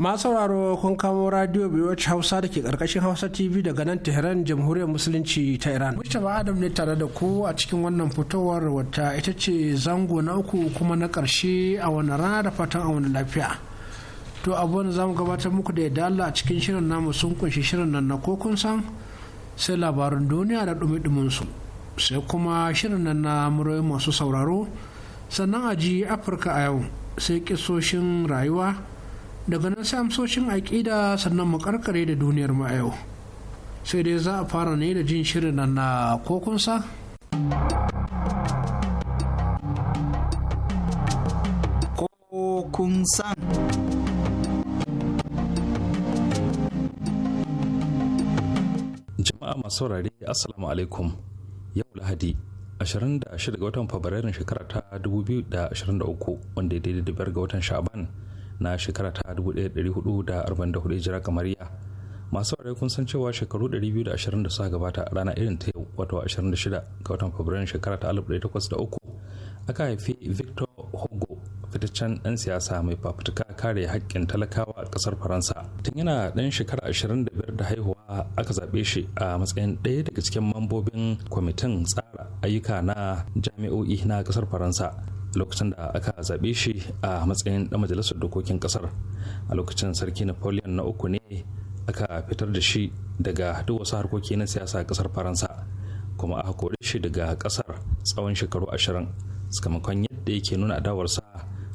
masu sauraro kun kamo radio biyoci hausa da ke karkashin hausa tv daga nan tehran jamhuriyar musulunci ta iran mustapha adam ne tare da ku a cikin wannan fitowar wata ita ce zango na uku kuma na karshe a wani rana da fatan a wani lafiya to abubuwan za mu gabatar muku da ya Allah a cikin shirin namu sun kunshi shirin nan na ko kun san sai labarin duniya da dumi su sai kuma shirin nan na muryoyin masu sauraro sannan a ji afirka a yau sai kisoshin rayuwa daga nan sai amsoshin aƙida sannan mu karkare da duniyar ma yau sai dai za a fara ne da jin shirin nan na kokunsa jama'a masu saurare assalamu alaikum yau lahadi 26 ga watan fabrairun shekara ta 2023 wanda ya daidai da biyar ga watan sha'aban na shekara ta 1444 hijira kamariya masu ware kun san cewa shekaru 220 da suka gabata a rana irin ta yau wato 26 ga watan fabrairu shekara ta 1803 aka haifi victor hugo fitaccen ɗan siyasa mai fafutuka kare haƙƙin talakawa a ƙasar faransa tun yana ɗan shekara 25 da haihuwa aka zaɓe shi a matsayin ɗaya daga cikin mambobin kwamitin tsara ayyuka na jami'o'i na ƙasar faransa lokacin da aka zaɓe shi a matsayin ɗan majalisar dokokin ƙasar a lokacin sarki napoleon na uku ne aka fitar da shi daga duk wasu harkoki na siyasa a ƙasar faransa kuma aka kore shi daga ƙasar tsawon shekaru ashirin sakamakon yadda yake nuna adawarsa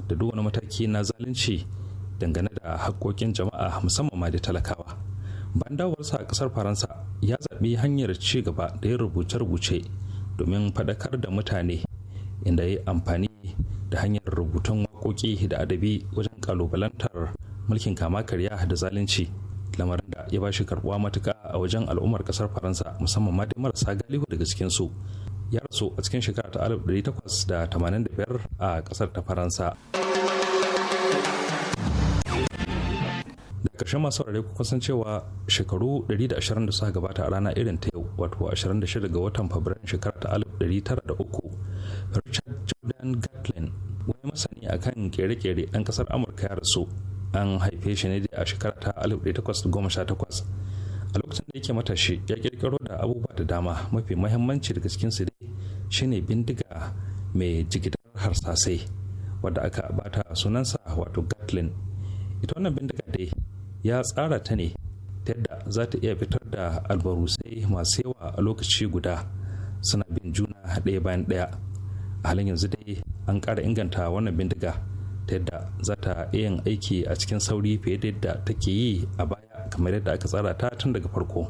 da duk wani mataki na zalunci dangane da haƙƙoƙin jama'a musamman ma da talakawa bayan dawarsa a ƙasar faransa ya zaɓi hanyar ci gaba da yin rubuce-rubuce domin faɗakar da mutane inda ya yi amfani da hanyar rubutun waƙoƙi da adabi wajen kalubalantar mulkin kama karya da zalunci lamarin da ya ba shi karbuwa matuka a wajen al'ummar ƙasar faransa musamman ma dai marasa galihu daga cikin su ya rasu a cikin shekara ta 1885 a ƙasar ta faransa da ƙarshen masu rarrai ku kusan cewa shekaru 120 da suka gabata a rana irin ta yau wato 26 ga watan fabrairun shekara ta 1903 richard jordan gatlin wani masani a kan kere-kere ɗan ƙasar amurka ya rasu an haife shi ne a shekara ta 1818 a lokacin da yake matashi ya ƙirƙiro da abubuwa da dama mafi mahimmanci daga cikin su dai shine bindiga mai jigidar harsasai wadda aka bata sunansa wato gatlin ita wannan bindiga dai ya tsara ta ne ta yadda za ta iya fitar da albarusai masu yawa a lokaci guda suna bin juna ɗaya bayan ɗaya a halin yanzu dai an ƙara inganta wannan bindiga ta yadda za ta iya aiki a cikin sauri fiye da yadda take yi a baya kamar yadda aka tsara ta tun daga farko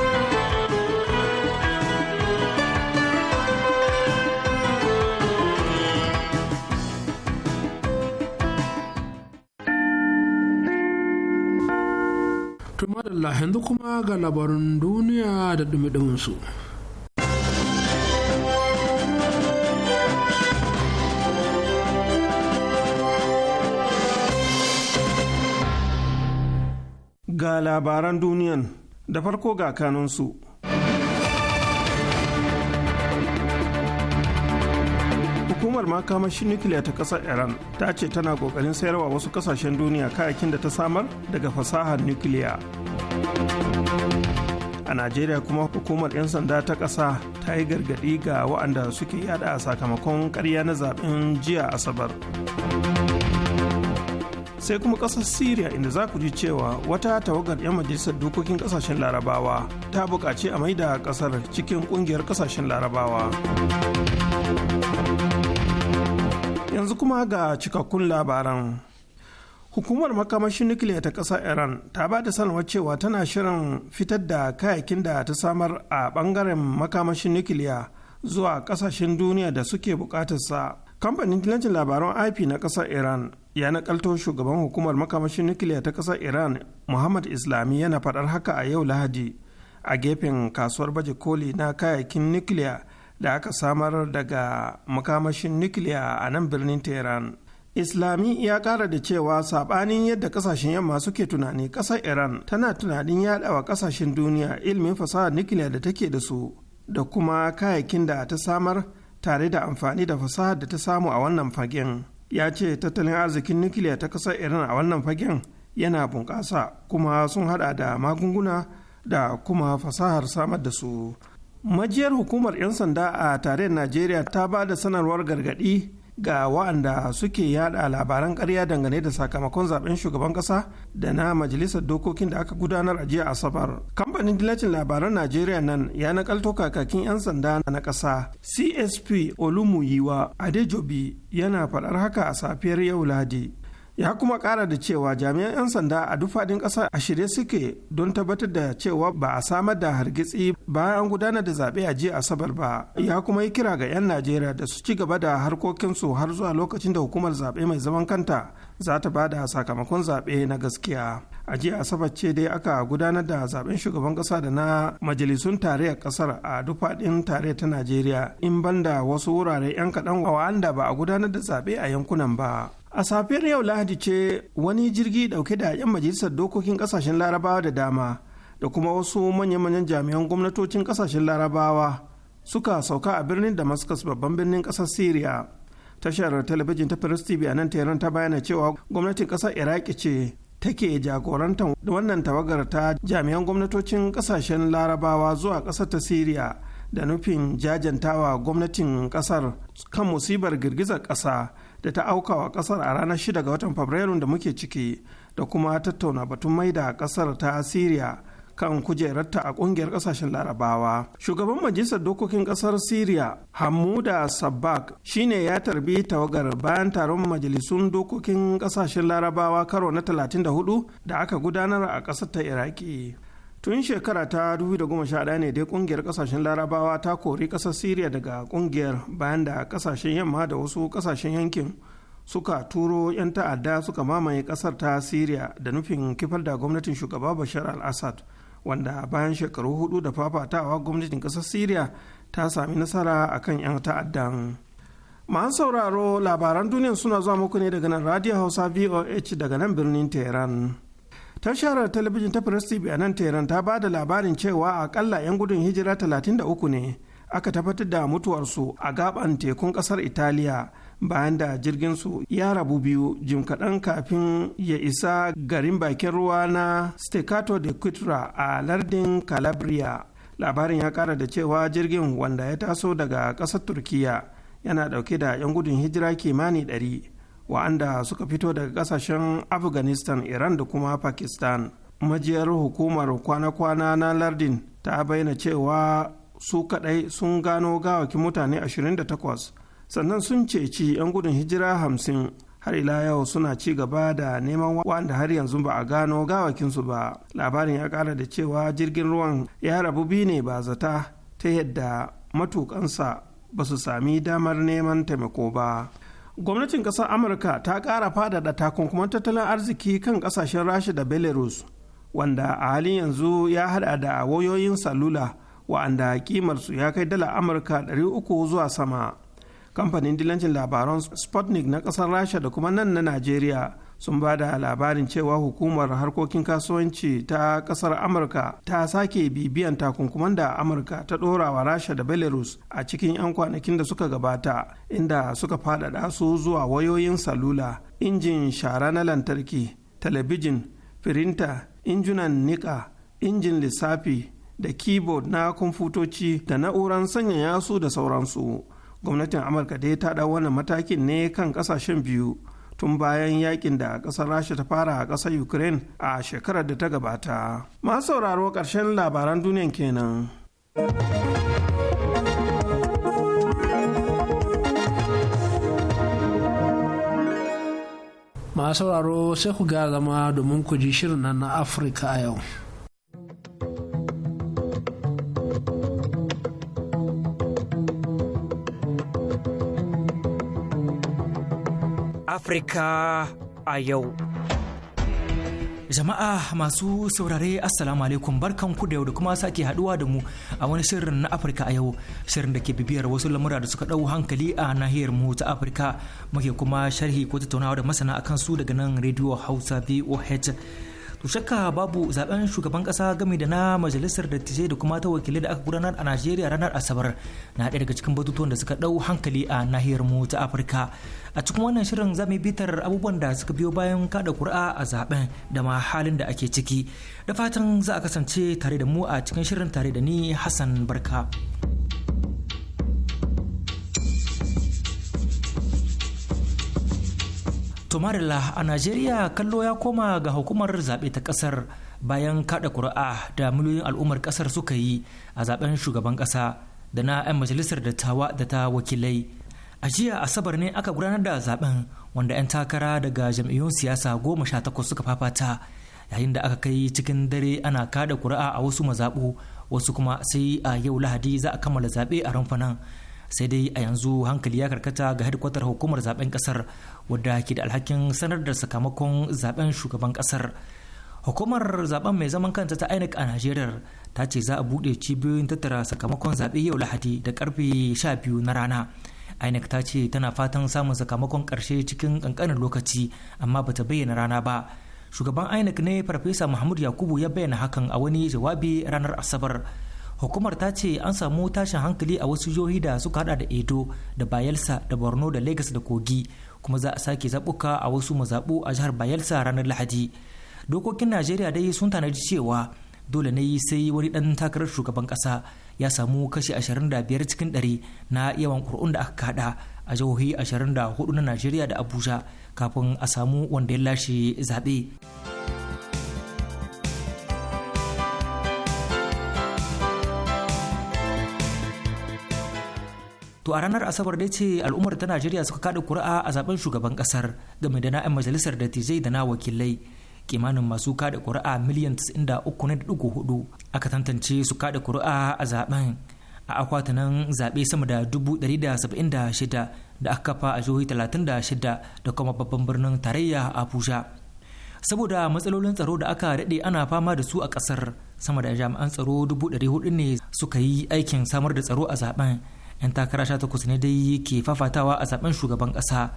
madalla yanzu kuma ga labarin duniya da dumi su. Ga labaran duniyan da farko ga kanunsu. hukumar makamashin nukiliya ta kasar iran ta ce tana kokarin sayarwa wasu kasashen duniya kayakin da ta samar daga fasahar nukiliya a najeriya kuma hukumar 'yan sanda ta ƙasa ta yi gargadi ga waɗanda suke yada a sakamakon karya na zaben jiya asabar sai kuma ƙasar syria inda za ku ji cewa wata tawagar 'yan majalisar dokokin ƙasashen larabawa ta buƙaci a maida ƙasar cikin ƙungiyar ƙasashen larabawa yanzu kuma ga cikakkun labaran hukumar makamashin nukiliya ta ƙasar iran ta ba da sanarwar cewa tana shirin fitar da kayakin da ta samar a ɓangaren makamashin nukiliya zuwa ƙasashen duniya da suke buƙatarsa kamfanin dilancin labaran ip na ƙasar iran ya nakalto shugaban hukumar makamashin nukiliya ta ƙasar iran muhammad islami yana faɗar haka a yau lahadi a gefen kasuwar baje koli na kayakin nukiliya da aka samar daga makamashin nukiliya a nan birnin tehran islami ya kara da cewa sabanin yadda kasashen yamma suke tunani kasar iran tana tunanin yaɗawa kasashen duniya ilimin fasahar nukiliya da take da su da kuma kayayyakin da ta samar tare da amfani da fasahar da ta samu a wannan fagen ya ce tattalin arzikin nukiliya ta kasar iran a wannan fagen yana bunƙasa kuma sun hada da magunguna da kuma fasahar samar da su majiyar hukumar 'yan sanda a tarayyar najeriya ta ba da sanarwar gargadi ga wa'anda suke yada labaran karya dangane da sakamakon zaben shugaban kasa da na majalisar dokokin da aka gudanar a jiya asabar kamfanin dillacin labaran najeriya nan ya nakalto kakakin 'yan sanda na ƙasa csp olumuyiwa adejobi yana faɗar haka a safiyar yau ladi. ya kuma kara da cewa jami'an 'yan sanda a duk faɗin ƙasa a shirye suke don tabbatar da cewa ba a samar da hargitsi bayan gudanar da zaɓe a jiya asabar ba ya kuma yi kira ga 'yan najeriya da su ci gaba da harkokinsu har zuwa lokacin da hukumar zaɓe mai zaman kanta za ta ba da sakamakon zaɓe na gaskiya a jiya asabar ce dai aka gudanar da zaɓen shugaban ƙasa da na majalisun tarayyar ƙasar a duk tarayyar ta najeriya in banda wasu wurare 'yan kaɗan wa'anda ba a gudanar da zaɓe a yankunan ba A safiyar yau Lahadi ce wani jirgi dauke da 'yan majalisar dokokin kasashen larabawa da dama da kuma wasu manya-manyan jami'an gwamnatocin kasashen larabawa suka sauka a birnin Damascus babban birnin kasar Syria. Tashar talabijin ta Paris TV a nan Tehran ta bayyana cewa gwamnatin kasar Iraki ce take jagorantar da wannan tawagar ta jami'an gwamnatocin kasashen larabawa zuwa kasar ta Syria da nufin jajantawa gwamnatin kasar kan musibar girgizar kasa. da ta auka wa kasar a ranar 6 ga watan fabrairun da muke ciki da kuma tattauna batun maida kasar ta siriya kan kujerarta a kungiyar kasashen larabawa shugaban majalisar dokokin kasar siriya hamuda sabbak shine ya tarbi tawagar bayan taron majalisun dokokin kasashen larabawa karo na 34 da aka gudanar a kasar ta iraki tun shekara ta 2011 ne dai kungiyar kasashen larabawa ta kori kasar syria daga kungiyar bayan da kasashen yamma da wasu kasashen yankin suka turo 'yan ta'adda suka mamaye kasar ta syria da nufin kifar da gwamnatin shugaba bashar al-assad wanda bayan shekaru hudu da fafatawa gwamnatin kasar syria ta sami nasara a kan 'yan ta'addan masu sauraro labaran duniya suna zuwa muku ne daga nan radio hausa voh daga nan birnin tehran Tashar talabijin ta Press TV a nan Tehran ta ba da labarin cewa akalla 'yan gudun hijira 33 ne aka tabbatar da mutuwarsu a gaban tekun kasar Italiya bayan da jirgin su ya rabu biyu jim kaɗan kafin ya isa garin bakin ruwa na staccato de Quitra a lardin Calabria. Labarin ya ƙara da cewa jirgin wanda ya taso daga ƙasar Turkiya yana ɗauke da 'yan gudun hijira kimanin ɗari. wa'anda suka fito daga kasashen afghanistan iran da kuma pakistan majiyar hukumar kwana-kwana na lardin ta bayyana cewa su kadai sun gano gawakin mutane 28 sannan sun ceci 'yan gudun hijira 50 har ila yau suna ci gaba da neman wanda har yanzu ba a gano gawakinsu ba labarin ya kara da cewa jirgin ruwan ya rabu biyu ne ba zata ta yadda matukansa ba su sami damar neman taimako ba gwamnatin ƙasar amurka ta ƙara fadada takunkuman tattalin arziki kan ƙasashen rasha da belarus wanda a halin yanzu ya hada da wayoyin salula wa'anda kimarsu ya kai dala amurka 300 zuwa sama kamfanin dilancin labaran sputnik na ƙasar rasha da kuma nan na najeriya sun ba da labarin cewa hukumar harkokin kasuwanci ta kasar amurka ta sake bibiyan takunkuman da amurka ta dora wa rasha da belarus a cikin 'yan kwanakin da suka gabata inda suka fadada su zuwa wayoyin salula injin shara na lantarki talabijin firinta injunan niƙa injin lissafi da keyboard na kwamfutoci da na'uran sanya su da sauransu gwamnatin amurka dai ta ɗau wannan matakin ne kan ƙasashen biyu tun bayan yakin da ƙasar rasha ta fara a ƙasar ukraine a shekarar da ta gabata masu sauraro ƙarshen labaran duniyan kenan masu sauraro sai ku ga zama domin ku ji shirin na afirka a yau Afirka a yau. Jama'a masu saurare Assalamu alaikum barkan ku da yau da kuma sake haduwa da mu a wani shirin na Afirka a yau shirin da ke bibiyar wasu lamura da suka dau hankali a nahiyar mu ta Afirka muke kuma sharhi ko tattaunawa da masana akan su daga nan Radio Hausa VOH to shakka babu zaben shugaban kasa game da na majalisar dattijai da kuma ta wakilai da aka gudanar a najeriya ranar asabar na ɗaya daga cikin batutuwan da suka ɗau hankali a nahiyar mu ta afirka a cikin wannan shirin za mu bitar abubuwan da suka biyo bayan kada kura a zaben da ma halin da ake ciki da fatan za a kasance tare da mu a cikin shirin tare da ni hassan barka. Tumarila a Najeriya kallo ya koma ga hukumar zaɓe ta ƙasar bayan kaɗa ƙuri'a da miliyoyin al'ummar ƙasar suka yi a zaɓen shugaban ƙasa da na 'yan majalisar dattawa da ta wakilai. A jiya Asabar ne aka gudanar da zaɓen wanda 'yan takara daga jam'iyyun siyasa goma sha takwas suka fafata yayin da aka kai cikin dare ana kaɗa ƙuri'a a wasu mazaɓu wasu kuma sai a yau Lahadi za a kammala zaɓe a rumfanan. sai dai a yanzu hankali ya karkata ga hedkwatar hukumar zaɓen ƙasar. wadda ke da alhakin sanar da sakamakon zaben shugaban kasar hukumar zaben mai zaman kanta ta inec a najeriya ta ce za a buɗe cibiyoyin tattara sakamakon zaɓe yau lahadi da karfe 12 na rana inec ta ce tana fatan samun sakamakon karshe cikin ƙanƙanin lokaci amma bata bayyana rana ba shugaban inec ne farfesa mahmud yakubu ya bayyana hakan a wani jawabi ranar asabar hukumar ta ce an samu tashin hankali a wasu jihohi da suka hada da edo da bayelsa da borno da lagos da kogi kuma za a sake zaɓuka a wasu mazaɓu a jihar bayelsa ranar lahadi dokokin najeriya dai sun tanadi cewa dole ne sai wani ɗan takarar shugaban ƙasa ya samu kashi 25 cikin 100 na yawan ƙuri'un da aka kada a jihohi 24 na najeriya da abuja kafin a samu wanda ya lashe zaɓe. to a ranar asabar dai ce al'ummar ta najeriya suka kada kuri'a a zaben shugaban kasar game da na'yan majalisar dattijai da na wakilai kimanin masu kada kuri'a miliyan 93.4 aka tantance su kada kuri'a a zaben a akwatunan zaɓe sama da 176 da aka kafa a jihohi 36 da kuma babban birnin tarayya abuja saboda matsalolin tsaro da aka daɗe ana fama da su a kasar sama da jami'an tsaro 400 ne suka yi aikin samar da tsaro a zaben 'yan takara sha takwas ne dai yake fafatawa a zaben shugaban kasa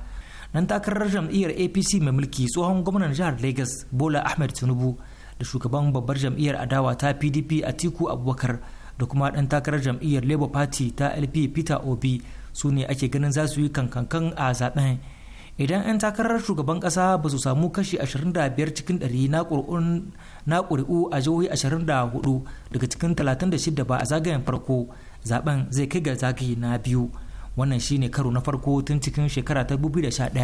nan takarar jam'iyyar apc mai mulki tsohon gwamnan jihar lagos bola ahmed tinubu da shugaban babbar jam'iyyar adawa ta pdp a tiku abubakar da kuma ɗan takarar jam'iyyar labour party ta lp peter obi su ne ake ganin za su yi kankankan a zaben idan 'yan takarar shugaban kasa ba su samu kashi 25 cikin 100 na ƙuri'u a jihohi 24 daga cikin 36 ba a zagayen farko zaben zai kai ga zagi na biyu wannan shine karo na farko tun cikin shekara ta 2011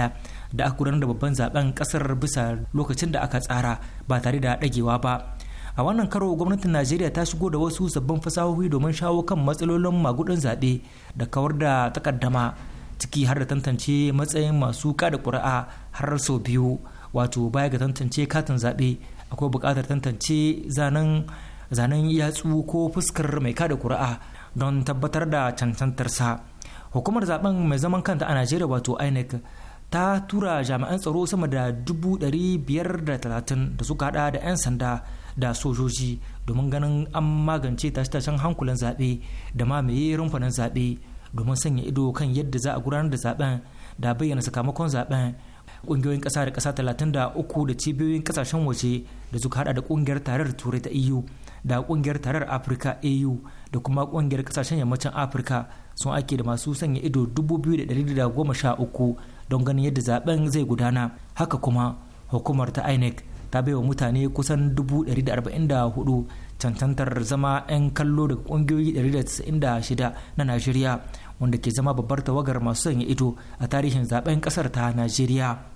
da aka da babban zaben kasar bisa lokacin da aka tsara ba tare da dagewa ba a wannan karo gwamnatin najeriya ta shigo da wasu sabbin fasahohi domin shawo kan matsalolin magudin zaɓe da kawar da takaddama ciki har da tantance matsayin masu kada ƙuri'a har sau biyu wato baya ga tantance katin zaɓe akwai buƙatar tantance zanen yatsu ko fuskar mai kada ƙuri'a don tabbatar da cancantarsa hukumar zaben mai zaman kanta a najeriya wato inec ta tura jami'an tsaro sama da 530 da suka hada da 'yan sanda da sojoji domin ganin an magance tashe-tashen hankulan zaɓe da ma mamaye rumfanin zaɓe domin sanya ido kan yadda za a gudanar da zaben da bayyana sakamakon zaben kungiyoyin ƙasa da ƙasa 33 da cibiyoyin ƙasashen waje da suka hada da ƙungiyar tarayyar turai ta eu da kungiyar tarar afirka au da kuma kungiyar kasashen yammacin afirka sun ake da masu sanya ido sha uku don ganin yadda zaben zai gudana haka kuma hukumar ta inec ta baiwa mutane kusan hudu cancantar zama 'yan kallo daga kungiyoyi shida na nigeria wanda ke zama babbar tawagar masu sanya ido a tarihin zaben kasar ta nigeria.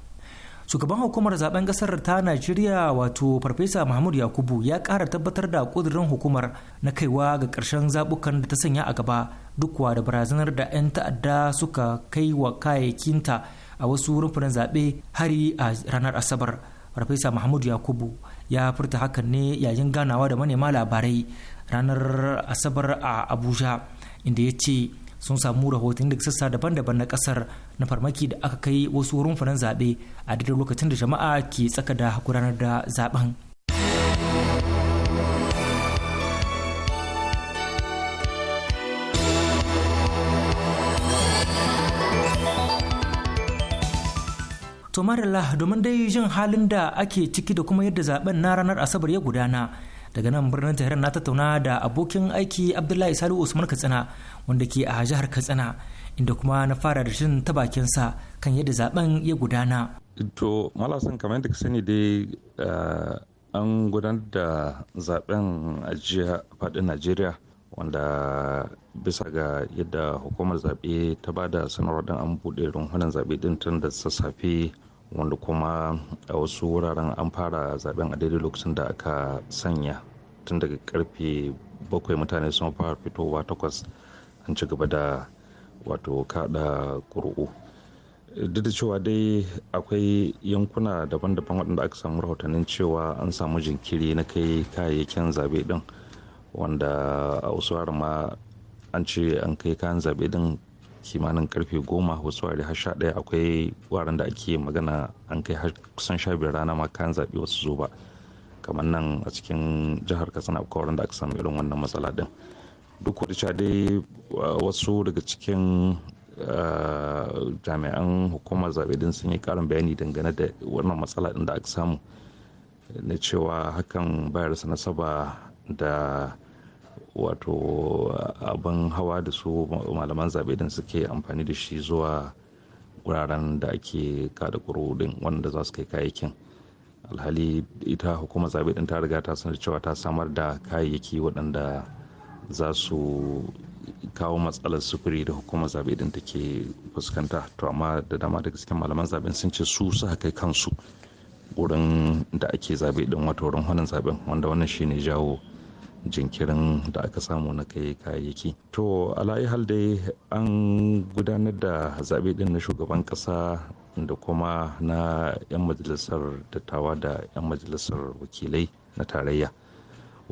shugaban hukumar zaben kasar ta najeriya wato farfesa mahmud yakubu ya kara tabbatar da kudurin hukumar na kaiwa ga karshen zabukan da ta sanya a gaba dukwa da barazanar da 'yan ta'adda suka kai wa kayayyakinta a wasu rumfunan zaɓe hari a ranar asabar farfesa mahmud yakubu ya furta hakan ne yayin ganawa da manema labarai ranar asabar a abuja inda ya ce sun samu rahoton daga sassa daban-daban na kasar na farmaki da aka kai wasu rumfunan zaɓe a daidai lokacin da jama'a ke tsaka da gudanar da zaben. to domin dai jin halin da ake ciki da kuma yadda zaben na ranar asabar ya gudana daga nan birnin tehran na tattauna da abokin aiki abdullahi salihu usman katsina wanda ke a jihar katsina inda kuma na fara da shirin ta sa kan yadda zaben ya gudana to malasan kamar yadda ka sani dai eh, an gudanar da zaben a jiya faɗin najeriya wanda bisa ga yadda hukumar zaɓe ta ba da sanarwar an buɗe runhunan zaɓe din tun da sassafe wanda kuma a wasu wuraren an fara zaɓen a daidai lokacin da aka sanya tun daga karfe bakwai mutane sun fara fitowa takwas an ci gaba da wato kada ƙuri'u duk da cewa dai akwai yankuna daban-daban waɗanda aka samu rahotannin cewa an samu jinkiri na kai kayayyakin zabe din wanda a wasu ma an ce an kai kayan zaɓe din kimanin karfe goma wasu wari har sha ɗaya akwai wuraren da ake magana an kai har kusan sha biyar rana ma kayan zaɓe wasu zo ba kamar nan a cikin jihar katsina akwai wurin da aka samu irin wannan matsala ɗin duk sha dai wasu daga cikin jami'an hukumar zaɓe din sun yi ƙarin bayani dangane da wannan matsala din da aka samu na cewa hakan bayar nasaba da wato abin hawa da su malaman zaɓe din suke amfani da shi zuwa wuraren da ake kada ƙuri'u din wanda za su kai kayayyakin alhali ita hukumar zaɓe din ta riga ta sanar cewa ta samar da kayayyaki waɗanda za su kawo matsalar sufuri da hukumar zaɓe din take fuskanta to amma da dama daga cikin malaman zaɓen sun ce su su kai kansu wurin da ake zaɓe din wato wurin hannun zaɓen wanda wannan shine jawo jinkirin da aka samu na kai kayayyaki to hal dai an gudanar da zaɓe ɗin na shugaban ƙasa da kuma na 'yan majalisar dattawa da 'yan majalisar wakilai na tarayya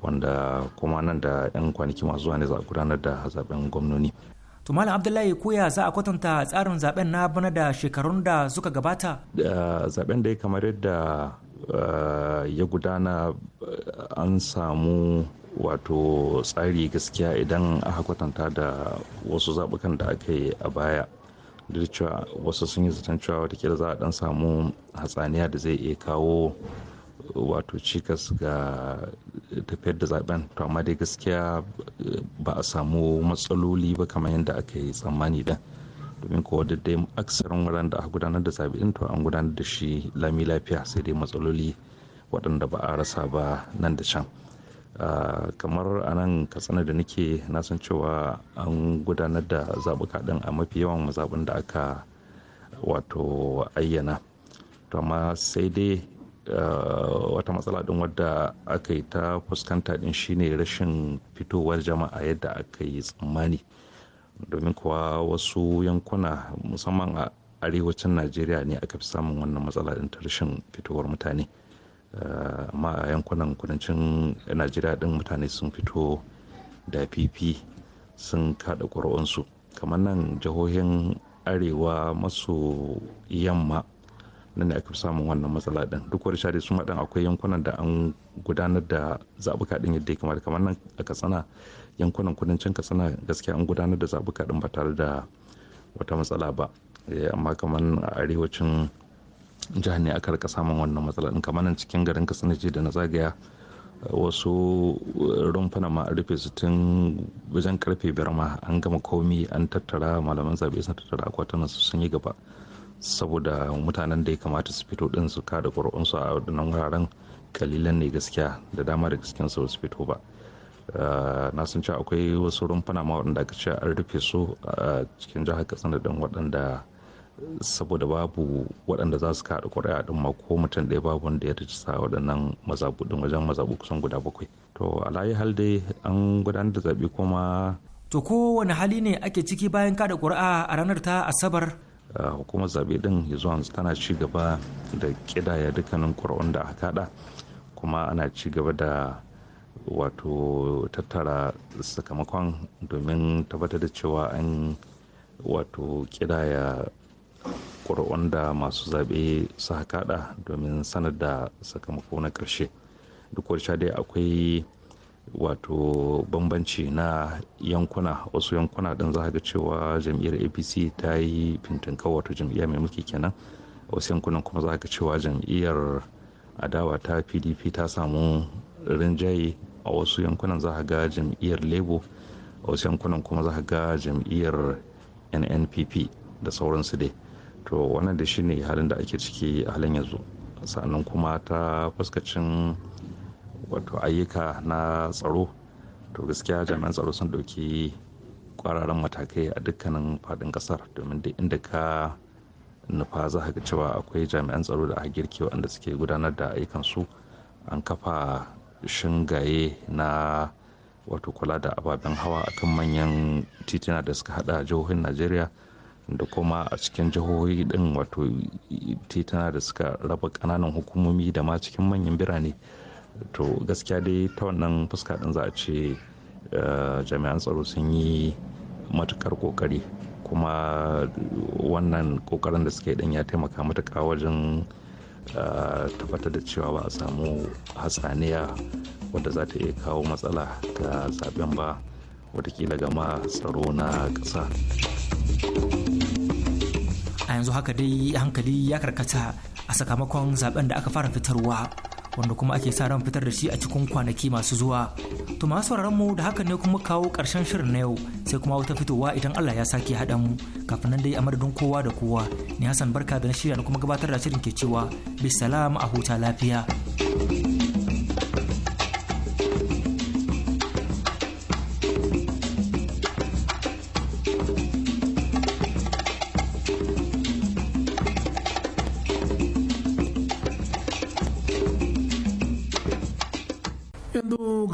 wanda kuma nan da 'yan kwanaki masu zuwa ne za a gudanar da zaɓen gwamnoni to malam abdullahi koya za a kwatanta tsarin zaben na bana da shekarun da suka gabata zaben da ya kamar yadda eh, ya gudana eh, an samu wato tsari gaskiya idan aka kwatanta da wasu zaɓukan da aka yi a baya duk cewa wasu sun yi zaton cewa watakila za a dan samu hatsaniya da zai iya kawo wato cikas ga tafiyar da zaben to amma dai gaskiya ba a samu matsaloli ba kamar yadda aka yi tsammani din domin kowa da dai aksarin wuraren da aka gudanar da zaɓe din to an gudanar da shi lami lafiya sai dai matsaloli waɗanda ba a rasa ba nan da can Ah, kamar a nan katsina da nake na san cewa an gudanar da zaɓuka ɗin a mafi yawan mazaɓin da aka wato ayyana to amma sai dai ah, wata matsala ɗin wadda aka yi ta fuskanta ɗin shine rashin fitowar jama'a yadda aka yi tsammani domin kuwa wasu yankuna musamman a arewacin najeriya ne aka fi samun wannan matsala ɗin ta rashin fitowar mutane amma a yankunan kudancin najeriya din mutane sun fito da fifi sun kada ƙuri'unsu kamar nan jihohin arewa maso yamma nan ne aka fi samun wannan matsala din duk wani share sun haɗin akwai yankunan da an gudanar da zaɓuka ɗin yadda ya kamar kamar nan a katsina yankunan kudancin katsina gaskiya an gudanar da zabuka ɗin ba tare da wata matsala ba eh, amma kamar a arewacin jihar ne aka rika samun wannan matsala in kamar nan cikin garin katsina ce da na zagaya wasu rumfuna ma an rufe su tun wajen karfe biyar ma an gama komi an tattara malaman zabe sun tattara akwatunan su sun yi gaba saboda mutanen da ya kamata su fito din su kada ƙuri'unsu a wadannan wuraren kalilan ne gaskiya da dama da gaskiyan su su fito ba ah, na sun ce akwai wasu rumfuna ma waɗanda aka ce an rufe su a cikin jihar katsina don waɗanda saboda babu waɗanda za su kaɗa ƙuri'a ɗin ma ko mutum ɗaya babu wanda ya rijista waɗannan mazaɓu ɗin wajen mazaɓu kusan guda bakwai to alayi hal dai an gudanar da zaɓe kuma to ko wani hali ne ake ciki bayan kaɗa ƙuri'a a ranar ta asabar hukumar zaɓe ɗin ya zuwa tana ci gaba da ƙidaya dukkanin ƙuri'un da aka kaɗa kuma ana ci gaba da wato tattara sakamakon domin tabbatar da cewa an wato kidaya ƙuri'un da masu zaɓe su kaɗa domin sanar da sakamako na ƙarshe duk sha dai akwai wato bambanci na yankuna wasu yankuna ɗin za ga cewa jam'iyyar apc ta yi fintinka wato jam'iyya mai mulki kenan wasu yankunan kuma za ga cewa jam'iyyar adawa ta pdp ta samu rinjaye a wasu yankunan za ga jam'iyyar labour a wasu yankunan kuma za ga jam'iyyar nnpp da sauransu dai to wannan da shine halin da ake ciki a halin yanzu sannan kuma ta fuskacin wato ayyuka na tsaro to gaskiya jami'an tsaro sun ɗauki ƙwararan matakai a dukkanin faɗin ƙasar domin da inda ka nufa za ka cewa akwai jami'an tsaro da aka girke waɗanda suke gudanar da ayyukansu an kafa shingaye na wato kula da ababen hawa akan manyan titina da suka hada jihohin najeriya da kuma a cikin jihohi ɗin wato tituna da suka raba kananan hukumomi da ma cikin manyan birane to gaskiya dai ta wannan fuska din za a ce eh, jami'an tsaro sun yi matukar kokari kuma wannan kokarin da suke din ya taimaka matuka wajen eh, tabbatar da cewa ba a samu hatsaniya wadda za ta iya kawo matsala ga zaben ba watakila ma tsaro na ƙasa. yanzu haka dai hankali ya karkata a sakamakon zaben da aka fara fitarwa wanda kuma ake sa ran fitar da shi a cikin kwanaki masu zuwa to masu mu da hakan ne kuma kawo karshen shirin na yau sai kuma wata fitowa idan Allah ya sake haɗa mu kafin nan dai a madadin kowa da kowa ni Hassan barka da na shirya kuma gabatar da shirin ke cewa salama a huta lafiya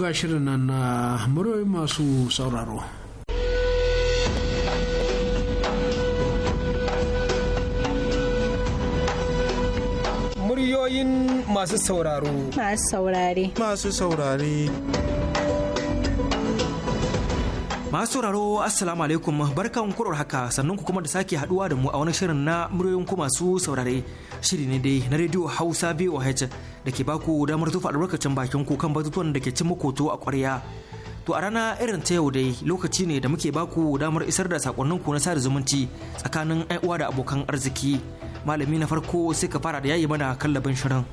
ga shirin nan na muryoyi masu sauraro. Muryoyin masu sauraro. Masu saurare. Masu saurare. Masu sauraro Assalamu alaikum barkan kurar haka sannan ku kuma da sake haduwa da mu a wani shirin na muryoyin ku masu saurare shiri ne dai na rediyo Hausa BOH da ke baku damar tufa albarkacin bakin ku kan batutuwan da ke cin makoto a ƙwarya. To a rana irin ta yau dai lokaci ne da muke baku damar isar da sakonnin ku na sada zumunci tsakanin uwa da abokan arziki. Malami na farko sai ka fara da yayi mana kallabin shirin.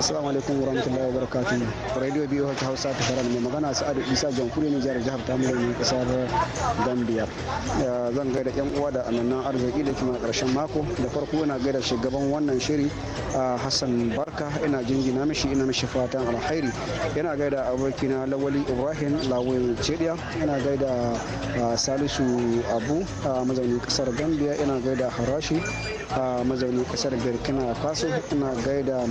Assalamu alaikum wa rahmatullahi wa barakatun. Radio biyu ta Hausa ta fara mai magana Sa'adu Isa Jamhuriyar Nijar jihar ta ne kasar Gambia. Zan gaida yan uwa da anannan arziki da kuma karshen mako da farko ina gaida shugaban wannan shiri Hassan Barka ina jingina mishi ina mishi fatan alkhairi. Yana gaida abokina Lawali Ibrahim Lawal Cediya ina gaida Salisu Abu mazaunin kasar Gambia Yana gaida Harashi a mazaunin kasar burkina faso ina gaida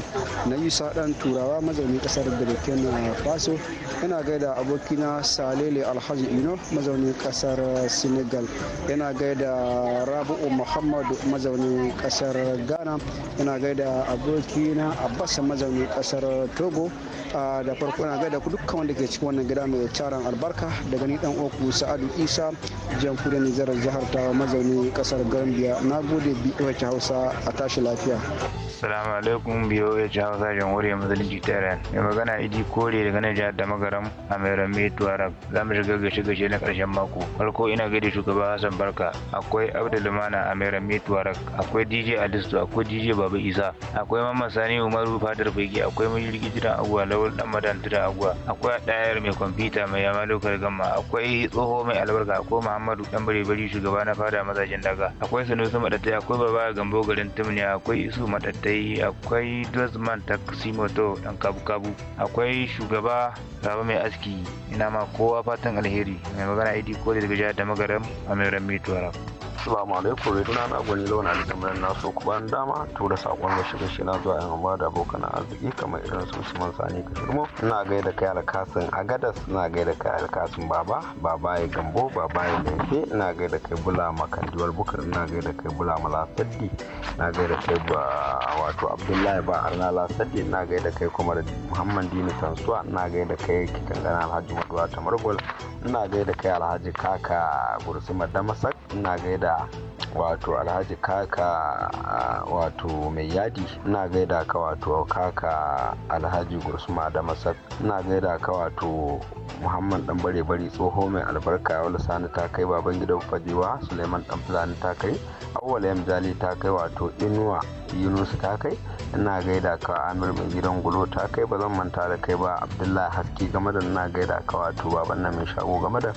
na yusa dan turawa mazaunin kasar burkina faso ina gaida abokina salele alhaji ino mazaunin kasar senegal ina gaida rabu'u muhammadu mazaunin kasar ghana ina gaida abokina abbas mazaunin kasar togo da farko ina gaida dukkan wanda ke cikin wannan gida mai taron albarka daga ni dan uku sa'adu isa jamhuriyar nijar jihar ta mazaunin kasar gambia na gode bi hausa a tashi lafiya salamu alaikum biyo ya ci hausa jamhuriyar musulunci ta iran mai magana idi kore daga nan jihar da magaram a mai rame tuareg za mu shiga gashi gashi na karshen mako farko ina gaida shugaba hassan barka akwai abdulmana a mai rame tuareg akwai dj alistu akwai dj baba isa akwai mamman sani umaru fadar fage akwai mai rigijiran agwa lawal dan madan agwa akwai ɗayar mai kwamfuta mai yama lokar gamma akwai tsoho mai albarka akwai muhammadu dan bari bari shugaba na fada mazajen daga akwai sanusi madatai akwai baba a gambo garin tumni akwai isu matattai akwai dozman taksimoto dan kabu-kabu akwai shugaba raba mai aski ina ma kowa fatan alheri mai magana idi kodi daga jihar da magaram a mai rambe Assalamu alaikum rediyo na gwani launa da jami'an nasu ku bayan dama da sakon da shirin shi na zuwa yan amma da abokan arziki kamar irin su Usman Sani ka Kashirmo ina da kai alkasin Agadas ina da kai alkasin Baba Baba ya Gambo Baba ya Lefe ina da kai Bula Makandiwar Bukar ina da kai Bula Malafaddi ina da kai ba wato Abdullahi ba Arna Lasadi ina da kai kuma da Muhammad Dini Tansuwa ina da kai Kitangana Alhaji Maduwa Tamargol ina da kai Alhaji Kaka Gursuma Damasak ina da da wato alhaji kaka wato mai yadi na gaida ka wato kaka alhaji gursuma da masak ina gaida ka wato muhammad dan bare bari tsoho mai albarka wala sani ta kai baban gidan fajewa suleiman dan fulani ta kai awwal yamjali ta kai wato inuwa yunus ta kai ina gaida ka amir mai gidan gulo ta kai ba zan manta da kai ba abdullahi haske game da ina gaida ka wato baban na mai shago game da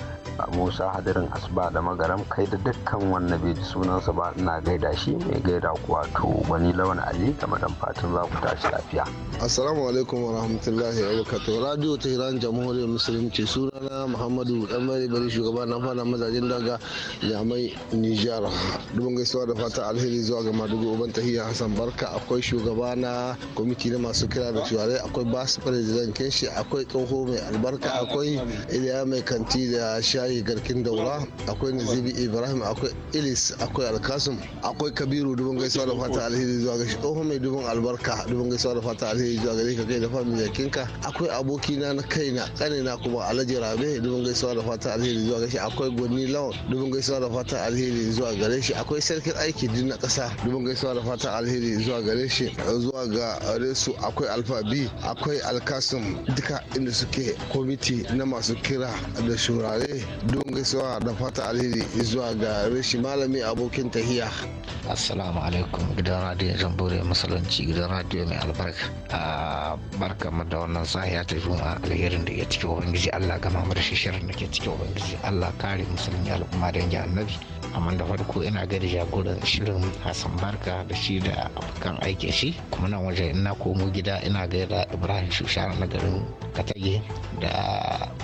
musa hadirin asuba da magaram kai da dukkan wannan bai sunansa ba ina gaida shi mai gaida ku wato wani lawan ali game da fatan za ku tashi lafiya assalamu alaikum wa rahmatullahi wa barakatuh radio tehran jamhuriyar musulunci sunana muhammadu dan bari bari shugaba na fara mazajen daga jami'ai nijar dubin gaisuwa da fata alheri zuwa ga madugu uban tahiya hassan barka akwai shugaba rayuwa na kwamiti na masu kira da shuwarai akwai basu president kenshi akwai tsoho mai albarka akwai iliya mai kanti da shayi garkin daura akwai nazibi ibrahim akwai ilis akwai alkasum akwai kabiru dubin gaisuwa da fata alheri zuwa ga shi tsoho mai dubin albarka dubin gaisuwa da fata alheri zuwa gare ka kai da famin yakinka akwai abokina na kaina kanina kuma alhaji rabe dubin gaisuwa da fata alheri zuwa gare shi akwai gwani lawan dubin gaisuwa da fata alheri zuwa gare shi akwai sarkin aiki din na kasa dubin gaisuwa da fata alheri zuwa gare shi zuwa ga resu akwai alfa b akwai alkasum duka inda suke kwamiti na masu kira da shurare don gaisuwa da fata alheri zuwa ga reshi malami abokin tahiya assalamu alaikum gidan radiyo zambore masalanci gidan radiyo mai albarka a ah, barka da wannan sahiya ta ma alherin da ke cikin ubangiji allah gama mu da shishirin da ke cikin ubangiji allah kare musulmi al'umma da annabi amman da farko ina gari jagoran shirin hassan barka da shi da abokan aikin shi kuma nan wajen ina komo gida ina gaira ibrahim shushana na garin katage da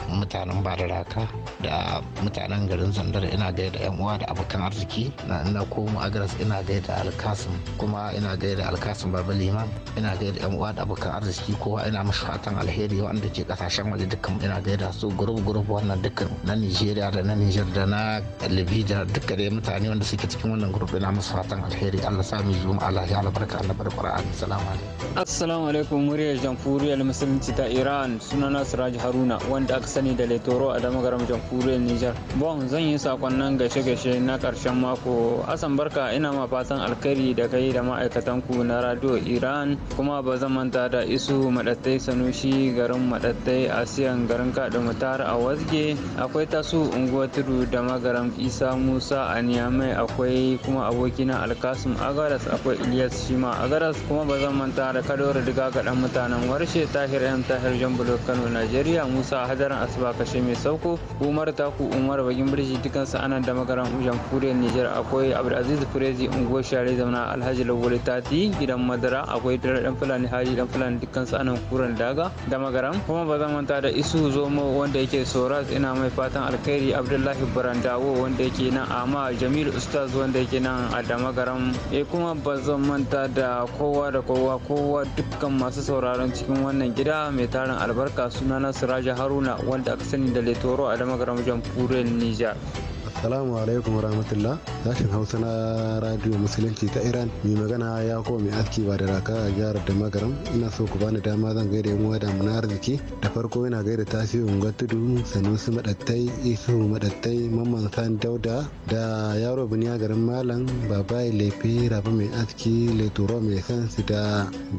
mutanen bararaka da mutanen garin zandar ina gaira yan uwa da abokan arziki na ina komo agras ina gaira alkasim kuma ina gaira alkasim baba liman ina gaira yan uwa da abokan arziki kowa ina mashi fatan alheri wanda ke kasashen waje dukkan ina gaira su gurub gurub wannan dukkan na nigeria da na niger da na libya da dukkan ya mutane wanda suke cikin wannan gurbi na musu fatan alheri Allah sa mu Allah ya albarka Allah bar Qur'an assalamu alaikum assalamu alaikum muryar jamhuriyar musulunci ta Iran sunana Siraj Haruna wanda aka sani da Letoro a damagaram jamhuriyar Niger bon zan yi sakonnan gaishe-gaishe na karshen mako asan barka ina ma fatan alkhairi da kai da ma'aikatan ku na radio Iran kuma ba zan manta da isu madattai sanushi garin madattai asiyan garin kaɗa mutar a wasge akwai tasu unguwar tudu da magaram isa musa a mai akwai kuma abokina Alkasum Agaras akwai Ilyas Shima Agaras kuma ba zan manta da kadawar Diga ga dan mutanen Warshe Tahir M Tahir Jambulo Kano Najeriya Musa Hadaran Asuba Kashe Mai Sauko Umar Taku Umar Bagin Birji dukansu anan da magaran Ujan Kuriyar Nijar akwai Abdulaziz Furezi Unguwar Share Zamna Alhaji Lawal Tati gidan Madara akwai Dare Dan Fulani Haji Dan Fulani dukansu anan Kuran Daga da magaran kuma ba zan manta da Isu Zomo wanda yake soras ina mai fatan alkhairi Abdullahi Barandawo wanda yake na a amma jamilu ustaz wanda yake nan a damagaram eh kuma ba zan manta da kowa da kowa kowa dukkan masu sauraron cikin wannan gida mai tarin albarka suna na siraja haruna wanda aka sani da letoro a damagaram jamhuriyar nijar Salamu alaikum wa rahmatullah sashen Hausa na radio musulunci ta Iran mai magana ya kuma mai aski ba da raka a jihar da magaram ina so ku bani dama zan gaida yan da mu na arziki da farko ina gaida tasirin unguwar tudu sanusi madattai isu madattai mamman san dauda da yaro biniya garin malam Baba lefe rabu mai aski leturo mai sansi da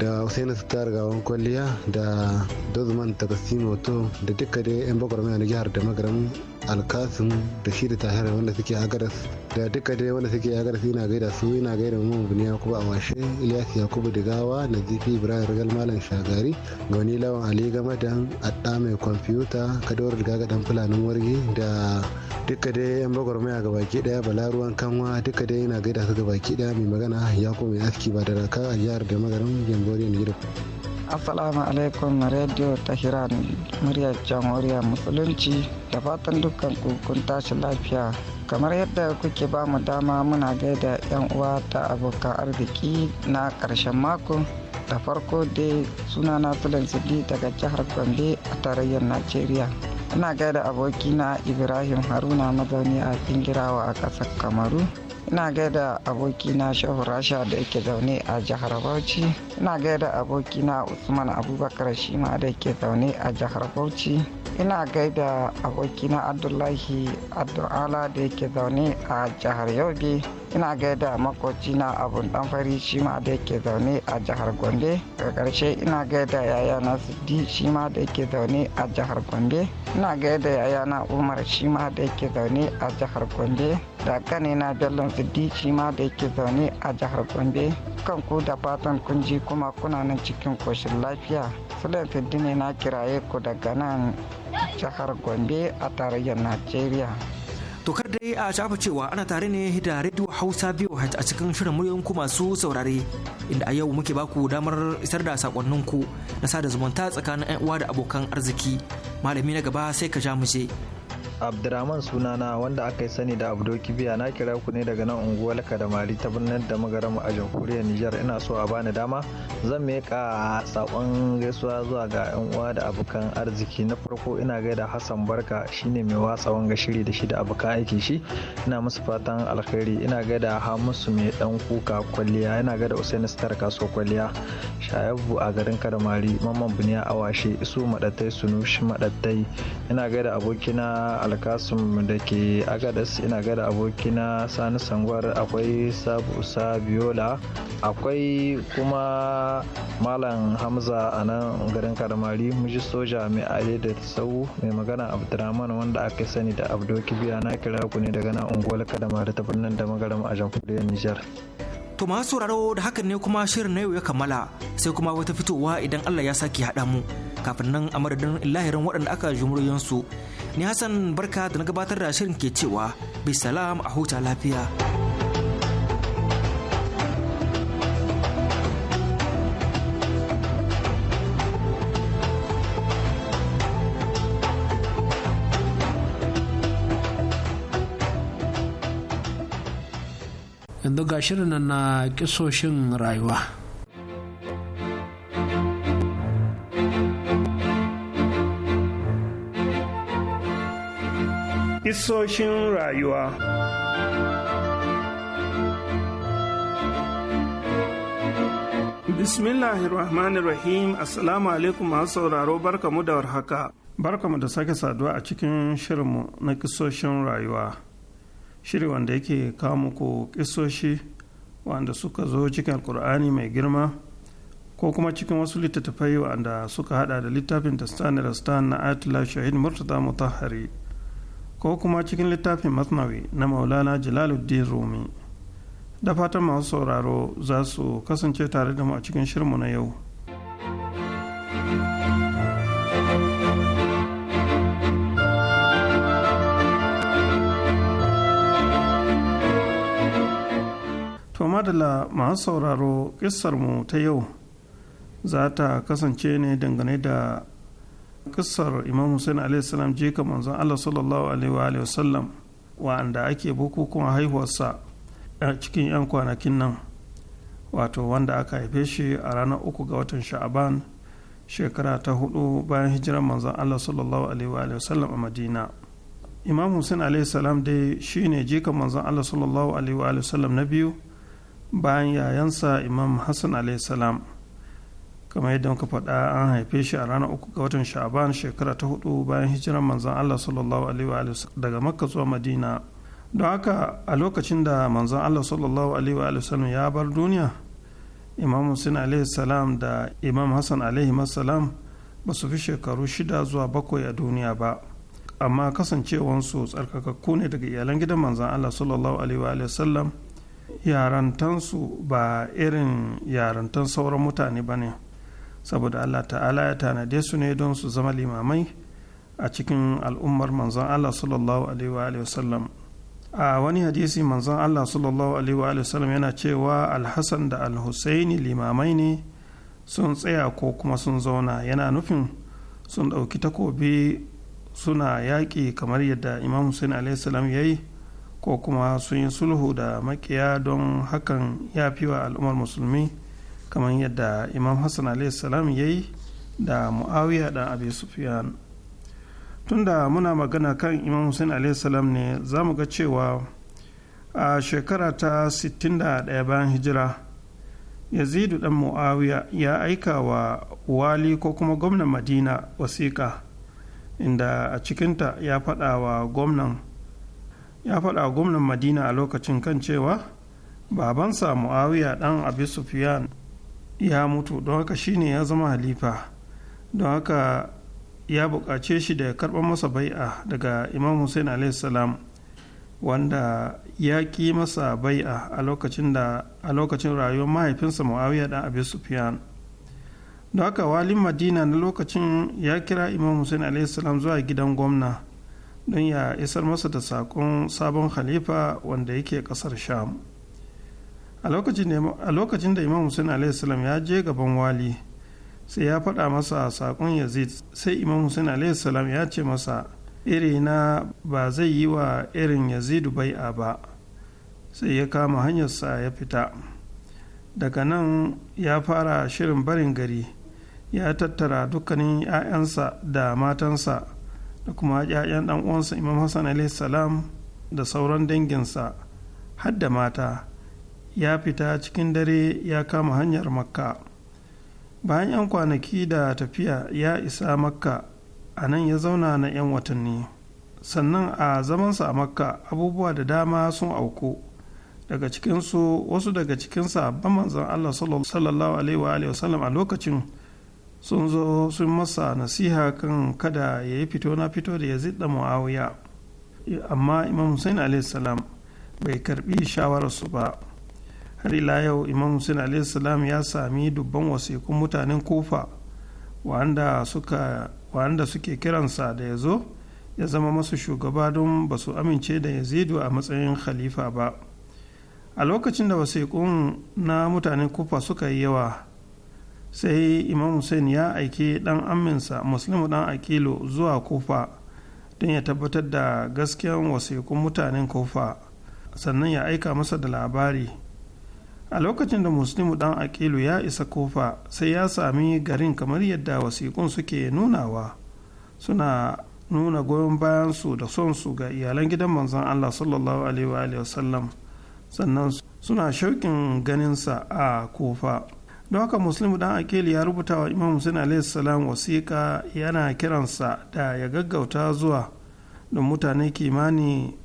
da husaini sitar gawan kwalliya da dozman takasimoto da duka dai yan bakwai na jihar da magaram alkasim da shi da tahir wanda suke agaras da duka dai wanda suke agaras ina gaida su ina gaida mamman bin yakubu a washe ilyas yakubu digawa na zifi ibrahim rigal malam shagari ga wani lawan ali game da adda mai kwamfuta kadawar gaga dan fulanin wargi da duka dai yan ga baki daya balaruwan kanwa duka dai ina gaida su baki daya mai magana yakubu mai aski ba da raka a jihar da magarin jamboree nigeria Assalamu alaikum Radio Tahiran muryar jamhuriyar musulunci da fatan dukkan kukun tashi lafiya. Kamar yadda kuke ba mu dama muna gaida 'yan uwa ta abokan arziki na ƙarshen mako da farko dai suna na Sulan daga jihar Gombe a tarayyar Najeriya. Ina gaida abokina Ibrahim Haruna mazauni a Ingirawa a ƙasar Kamaru. ina gaida abokina shehu rasha da yake zaune a jihar bauchi ina gaida abokina usman abubakar shima da yake zaune a jihar bauchi ina gaida abokina abdullahi abdu'ala da yake zaune a jihar yobe ina gaida makoci na abun dan fari shi ma da yake zaune a jihar gombe ga karshe ina gaida yaya na siddi shi ma da yake zaune a jihar gombe ina gaida yaya na umar shi ma da yake zaune a jihar gombe da kane na bello siddi shi ma da yake zaune a jihar gombe kanku da fatan kun ji kuma kuna nan cikin koshin lafiya sulen siddi ne na kiraye ku daga nan jihar gombe a tarayyar najeriya To kar dai a shafa cewa ana tare ne da Radio Hausa VOH a cikin shirin muryoyin ku masu saurare inda a yau muke baku damar isar da sakonnin ku na sada zumunta tsakanin 'yan uwa da abokan arziki. Malami na gaba sai ka ja mu je. Abdurrahman sunana wanda aka yi sani da Abdo Kibiya na kira ku ne daga nan unguwar Kadamari ta birnin da magaramu a jamhuriyar Nijar ina so a bani dama zan meka sakon gaisuwa zuwa ga yan uwa da abokan arziki na farko ina gaida Hassan Barka shine mai watsa wanga shiri da shi da abokan aiki shi ina musu fatan alkhairi ina gaida Hamisu mai dan kuka kwalliya ina gaida Usaini Star kaso kwalliya Shayabu a garin Kadamari Mamman Buniya Awashe Isu Madatai Sunushi Madatai ina gaida abokina alkasum da ke agadas ina gada abokina sani sangwar akwai sabiola akwai kuma malam hamza a nan garin karmari muji soja mai ale da sau mai magana abdurrahman wanda aka sani da abdoki biya na kira ku ne daga na unguwar da ta birnin da magaram a jamhuriyar nijar To masu sauraro da hakan ne kuma shirin na yau ya kammala sai kuma wata fitowa idan Allah ya sake haɗa mu. kafin nan a madadin lahirin waɗanda aka su ni hassan barka da na gabatar da shirin ke cewa bai salam a huta lafiya yanzu ga shirin na kisoshin rayuwa Hissoshin rayuwa Bismillahirrahmanirrahim Assalamu alaikum masu sauraro barkamu da warhaka. Barkamu da sake saduwa a cikin shirinmu na kisoshin rayuwa. Shiri wanda yake kawo muku kisoshi wanda suka zo cikin alkur'ani mai girma ko kuma cikin wasu littattafai wanda suka hada da littafin da Rastan na Atila Shahid murtala Mutahari. ko kuma cikin littafin masnawi na maulana jalaluddin rumi da fatan masu sauraro za su kasance tare da mu a cikin shirmu na yau to madala masu sauraro mu ta yau za ta kasance ne dangane da kasar imam hussein je ka manzon allah sallallahu alaihi wa sallam wa'anda ake bukukuwan haihuwarsa a cikin 'yan kwanakin nan wato wanda aka haife shi a ranar uku ga watan sha'aban shekara ta hudu bayan hijirar manzon allah sallallahu alaihi wa sallam a madina imam hussein alaihi salam dai shine ka manzon allah sallallahu alaihi wa sallam na biyu bayan yayansa imam hassan alaihi salam kamar yadda muka faɗa an haife shi a ranar uku ga watan sha'aban shekara ta hudu bayan hijirar manzon allah sallallahu alaihi wa daga makka zuwa madina don haka a lokacin da manzon allah sallallahu alaihi wa ya bar duniya imam musin alaihi salam da imam hassan alaihi salam ba su fi shekaru shida zuwa bakwai a duniya ba amma kasancewansu tsarkakakku ne daga iyalan gidan manzon allah sallallahu alaihi wa yarantansu ba irin yarantan sauran mutane ba ne saboda allah ta'ala ya tanade su ne don su zama limamai a cikin al'ummar manzon allah sallallahu alaihi wasallam a wani hadisi manzon allah sallallahu alaihi wasallam yana cewa alhassan da alhussaini limamai ne sun tsaya ko kuma sun zauna yana nufin sun ɗauki takobi suna yaƙi kamar yadda imam hussein alaihi ya yi ko kuma sun yi sulhu da makiya don hakan ya fi wa al'ummar musulmi kamar yadda imam hassan salam ya yi da muawiya ɗan abu sufyan tunda muna magana kan imam hussein salam ne za mu ga cewa a shekara ta 61 bayan hijira yazidu dan muawiya ya aika wa wali ko kuma gwamnan madina wasiƙa inda a cikinta ya faɗa wa gwamnan ya faɗa gwamnan madina a lokacin kan cewa babansa muawiya dan abu sufyan ya mutu don haka shi ne ya zama halifa don haka ya buƙace shi da karɓar masa bai'a daga imam hussein salam wanda ya ƙi masa bai'a a lokacin da a lokacin rayuwar mahaifinsa muawiya da abu sufiyan don haka walin madina na lokacin ya kira imam hussein salam zuwa gidan gwamna don ya isar masa da saƙon sabon halifa wanda yake ƙasar sham a lokacin da imam hussein alaihissalam ya je gaban wali sai ya faɗa masa sakon yazid sai imam hussein alaihissalam ya ce masa irina ba zai yi wa irin yazidu bai'a ba sai ya kama hanyarsa ya fita daga nan ya fara shirin barin gari ya tattara dukkanin 'ya'yansa da matansa da kuma 'ya'yan uwansa imam hassan salam da sauran danginsa har da mata ya fita cikin dare ya kama hanyar makka bayan 'yan kwanaki da tafiya ya isa makka a nan ya zauna na 'yan watanni sannan a zamansa a makka abubuwa da dama sun auku daga cikinsu wasu daga cikinsa ban manzan allah sallallahu alaihi wasallam a lokacin sun zo sun masa nasiha kan kada ya yi fito na fito da ya da muawiya amma imam hussein alaihi salam bai karbi shawararsu ba har ila yau imam hussein salam ya sami dubban wasikun mutanen kufa wanda suke kiransa da ya zo ya zama masu shugaba don ba su amince da yazidu a matsayin khalifa ba a lokacin da wasiƙun na mutanen kufa suka yi yawa sai imam hussein ya aiki dan aminsa muslimu dan akilo zuwa kufa don ya tabbatar da gaskiyan wasiƙun mutanen kufa sannan ya aika masa da labari a lokacin da muslimu dan akilu ya isa kofa sai ya sami garin kamar yadda wasikun suke nunawa suna nuna goyon bayansu da son su ga iyalan gidan manzon allah sallallahu alaihi wa wasallam sannan suna shauƙin ganinsa a kofa don haka muslimu dan akilu ya rubuta wa imam hussein alaihi salam wasiƙa yana kiransa da ya gaggauta zuwa don mutane kimani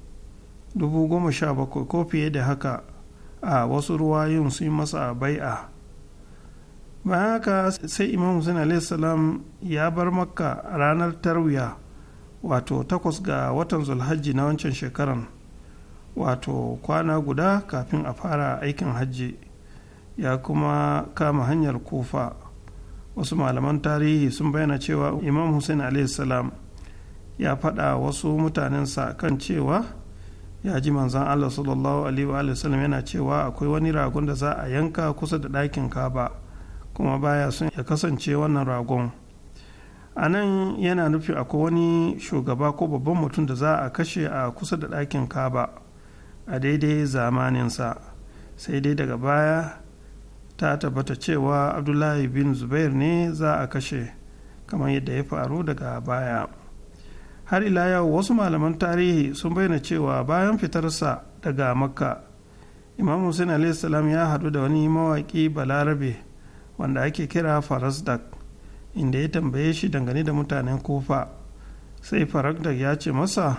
dubu goma sha bakwai ko fiye da haka a wasu ruwayun sun masa bai'a bayan haka sai imam hussein salam ya bar makka ranar tarwiya wato takwas ga watan zulhajji na wancan shekaran wato kwana guda kafin a fara aikin hajji ya kuma kama hanyar kufa wasu malaman tarihi sun bayyana cewa imam hussein salam ya faɗa wasu mutanensa kan cewa ya ji manzan Allah sallallahu alaihi wa sallam yana cewa akwai wani ragon da za a yanka kusa da ɗakin kaba kuma baya son ya kasance wannan ragon a nan yana nufi akwai wani shugaba ko babban mutum da za a kashe a kusa da ɗakin kaba a daidai zamaninsa sai dai daga baya ta tabbata cewa abdullahi bin zubair ne za a kashe kamar yadda ya faru daga baya. har ila yau wasu malaman tarihi sun bayyana cewa bayan fitarsa daga makka imam hussein a.s. ya hadu da wani mawaƙi balarabe wanda ake kira farasdak inda ya tambaye shi dangane da mutanen kufa sai farasdak ya ce masa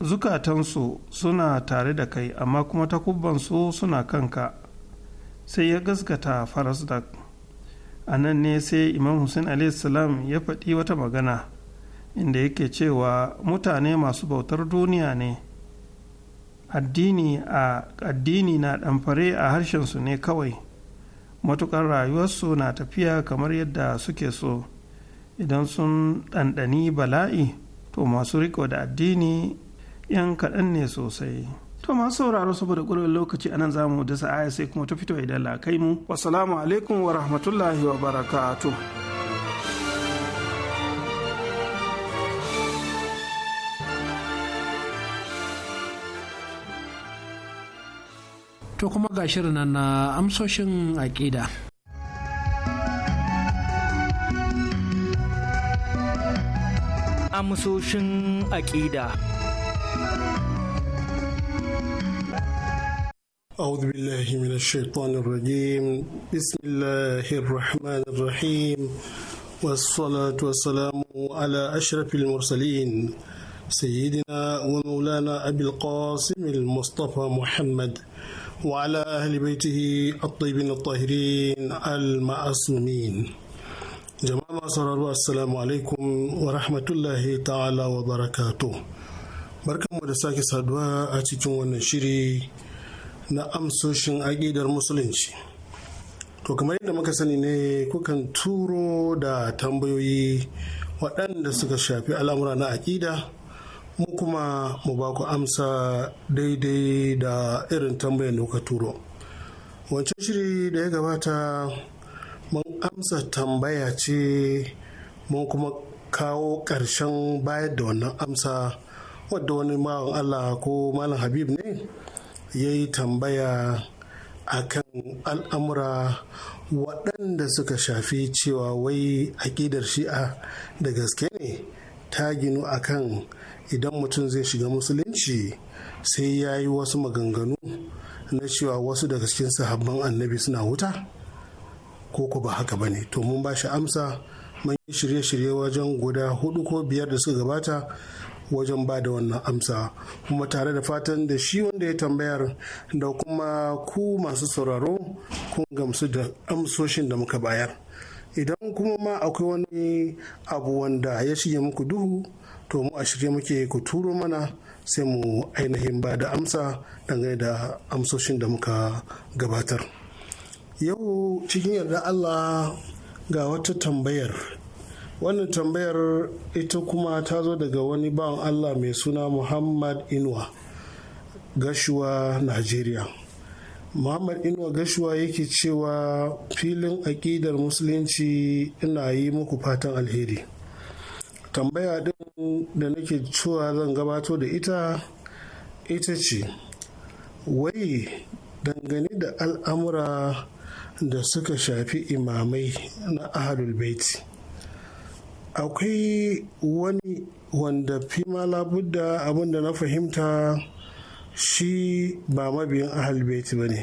zukatansu suna tare da kai amma kuma takubbansu suna kanka sai ya gaskata farasdak a nan ne sai imam hussein a.s. ya faɗi wata magana inda yake cewa mutane masu bautar duniya ne addini a addini na ɗanfare a harshensu ne kawai matukar rayuwarsu na tafiya kamar yadda suke so idan sun ɗanɗani bala'i to masu riko da addini 'yan kaɗan ne sosai to masu sauraro saboda ƙurbin lokaci anan za mu dasa aya sai kuma ta fito idan la kai mu wasu alaikum wa rahmatullahi wa barakatuh to kuma ga shirin nan na amsoshin aƙida. Amsoshin aƙida. أعوذ بالله من الشيطان الرجيم بسم الله الرحمن الرحيم والصلاة والسلام على أشرف المرسلين سيدنا ومولانا أبي القاسم المصطفى محمد وعلى أهل بيته الطيبين الطاهرين المعصومين جماعة صلى السلام عليكم ورحمة الله تعالى وبركاته barkan mu da sake saduwa a cikin wannan shiri na amsoshin aƙidar musulunci to kamar yadda muka sani ne kukan turo da tambayoyi waɗanda suka shafi al'amura na aƙida mu kuma mu ba ku amsa daidai da irin tambayar da kuka turo wancan shiri da ya gabata mun amsa tambaya ce mun kuma kawo ƙarshen bayar da wannan amsa wadda wani mawan allah ko malam habib ne ya yi tambaya a kan al'amura waɗanda suka shafi cewa wai aƙidar shi'a da gaske ne ta ginu akan idan mutum zai shiga musulunci sai ya yi wasu maganganu na cewa wasu daga cikin sahabban annabi suna wuta ko ba haka ba ne to mun ba shi amsa mun yi shirye-shirye wajen guda hudu ko biyar da suka gabata wajen ba da wannan amsa kuma tare da fatan da shi wanda ya tambayar da kuma ku masu sauraro kun gamsu da amsoshin da muka bayar idan kuma ma akwai wani abu wanda ya shige muku duhu to mu a shirye muke ku turo mana sai mu ainihin ba da amsa dangane da amsoshin da muka gabatar yau cikin yarda allah ga wata tambayar wannan tambayar ita kuma ta zo daga wani bawan allah mai suna muhammad inuwa gashuwa najeriya muhammad inuwa gashuwa yake cewa filin aƙidar musulunci ina yi muku fatan alheri tambaya din da nake cewa zan gabato da ita ita ce wai dangane da al'amura da suka shafi imamai na ahalul baiti akwai wani wanda fi labudda abinda na fahimta shi ba mabiyan ahalul baiti ba ne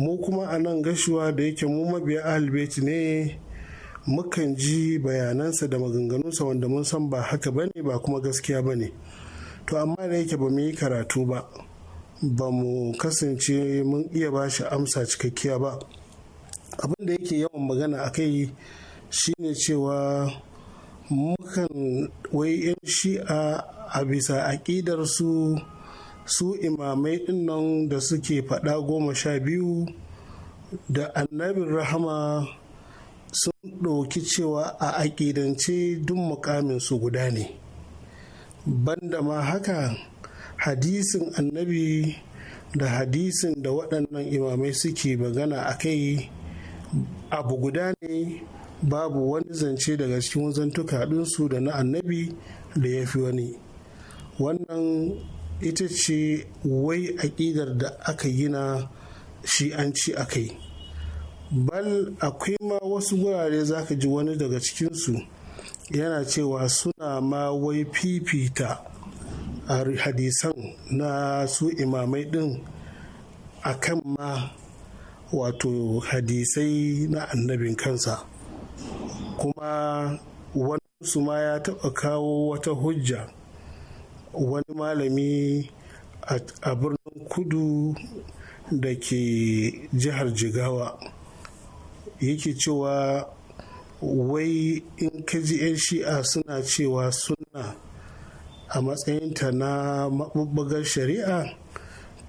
mu kuma a nan gashuwa da yake mu mabiyan ahalul baiti ne mukan ji bayanansa da maganganunsa wanda mun san ba haka ba ne ba kuma gaskiya ba ne to amma da yake ba mu yi karatu ba ba mu kasance mun iya ba shi amsa cikakkiya ba abin da yake yawan magana a kai shine cewa mukan wai 'yan shi'a a bisa aƙidar su su imamai dinnan da suke faɗa goma sha biyu da annabin rahama sun ɗauki cewa a aƙidance duk mukamin su guda ne banda ma haka hadisin annabi da hadisin da waɗannan imamai suke magana a kai abu guda ne babu wani zance daga cikin zantuka ɗinsu da na annabi da ya fi wani wannan ita ce wai aƙidar da aka yi na ci a kai bal akwai ma wasu gurare za ka ji wani daga cikinsu yana cewa suna ma wai fifita a hadisan na su imamai din a kan ma wato hadisai na annabin kansa kuma wani ma ya taɓa kawo wata hujja wani malami a birnin kudu da ke jihar jigawa yake cewa wai in kaji 'yan shi'a suna cewa sunna a matsayinta na maɓuɓɓugar shari'a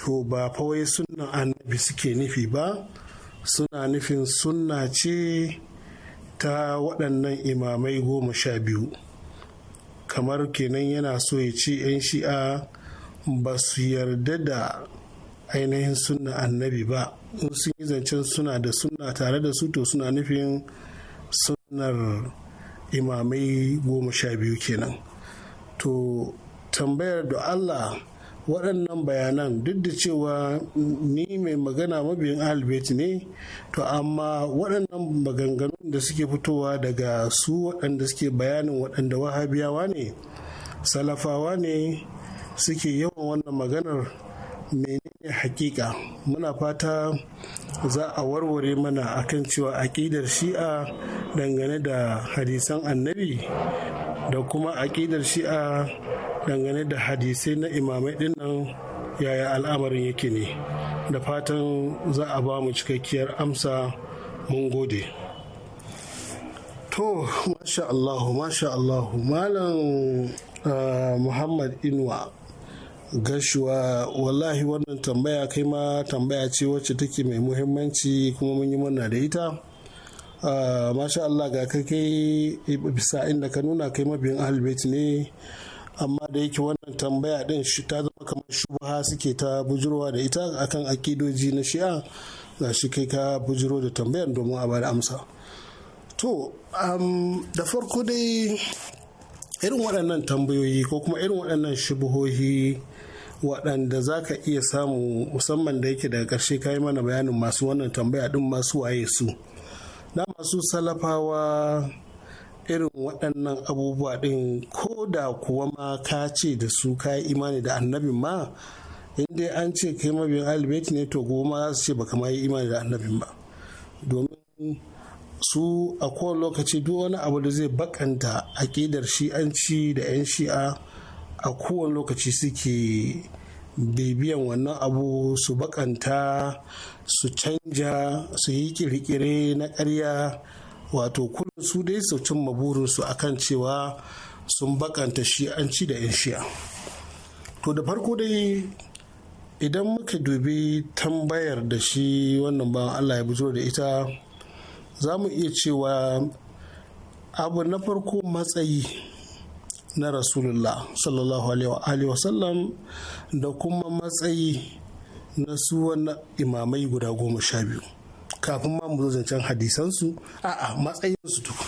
to ba fawai sunan annabi suke nufi ba suna nufin sunna ce ta waɗannan imamai goma sha biyu kamar kenan yana so ya ce 'yan shi'a ba su yarda da ainihin sunna annabi ba in sun yi zancen suna da suna tare da su to suna nufin sunar imamai goma sha biyu kenan to tambayar da allah waɗannan bayanan duk da cewa ni mai magana mabiyin albert ne to amma waɗannan maganganun da suke fitowa daga su waɗanda suke bayanin waɗanda wahabiyawa ne salafawa ne suke yawan wannan maganar menene hakika muna fata za a warware mana akan cewa aƙidar shi'a dangane da hadisan annabi da kuma aƙidar shi'a dangane da hadisai na imamai dinnan yaya al'amarin yake ne da fatan za a ba mu cikakkiyar amsa mun gode to masha allahu masha allahu malam ah, muhammad inuwa gashuwa wallahi wannan tambaya kai ma tambaya ce wacce take mai muhimmanci kuma mun yi murna da ita ah, masha Allah ga kai kai bisa inda ka nuna kai mabiyin ahalbet ne amma da yake wannan tambaya din ta zama kamar shubha suke ta bujurwa da ita akan akidoji na shi'a ga shi kai ka bujiro da tambayar domin a bada amsa to da farko dai irin waɗannan tambayoyi ko kuma irin waɗannan shubuhohi waɗanda za ka iya samu musamman da yake daga ƙarshe kayi mana bayanin masu wannan tambaya ɗin masu waye su na masu salafawa irin waɗannan abubuwa ɗin ko da kuwa ma ka ce da su ka yi imani da annabin ma inda an ce kai mabiyan alibeti ne to goma za su ce baka ma yi imani da annabin ba domin su a kowane lokaci duk wani abu da zai bakanta aƙidar shi'anci da 'yan shi'a a kowane lokaci suke bibiyan wannan abu su bakanta su canja su yi kirkire na karya wato kullum su dai su cimma burinsu akan cewa sun bakanta shi an ci da 'yan shi'a to da farko dai idan muka dubi tambayar da shi wannan bawan allah ya bujo da ita za mu iya cewa abu na farko matsayi na rasulullah sallallahu alaihi wasallam da kuma matsayi na su wannan imamai guda goma sha biyu kafin ma mu zancen hadisansu a'a matsayinsu duk.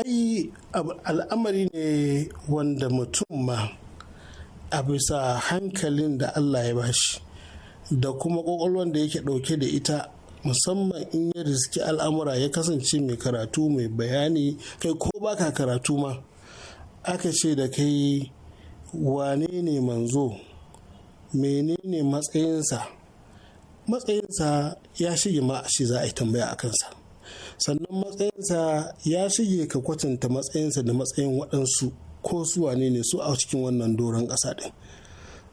ai al'amari ne wanda mutum ma a bisa hankalin da allah ya bashi da kuma ƙwaƙwalwan da yake dauke da ita musamman in ya riski al'amura ya kasance mai karatu mai bayani kai ko baka karatu ma aka ce da kai wane ne manzo menene matsayinsa matsayinsa ya shige ma shi za a yi tambaya a kansa sannan matsayinsa ya shige ka kwatanta matsayinsa da matsayin waɗansu ko su wane ne su a cikin wannan doron ƙasa ɗin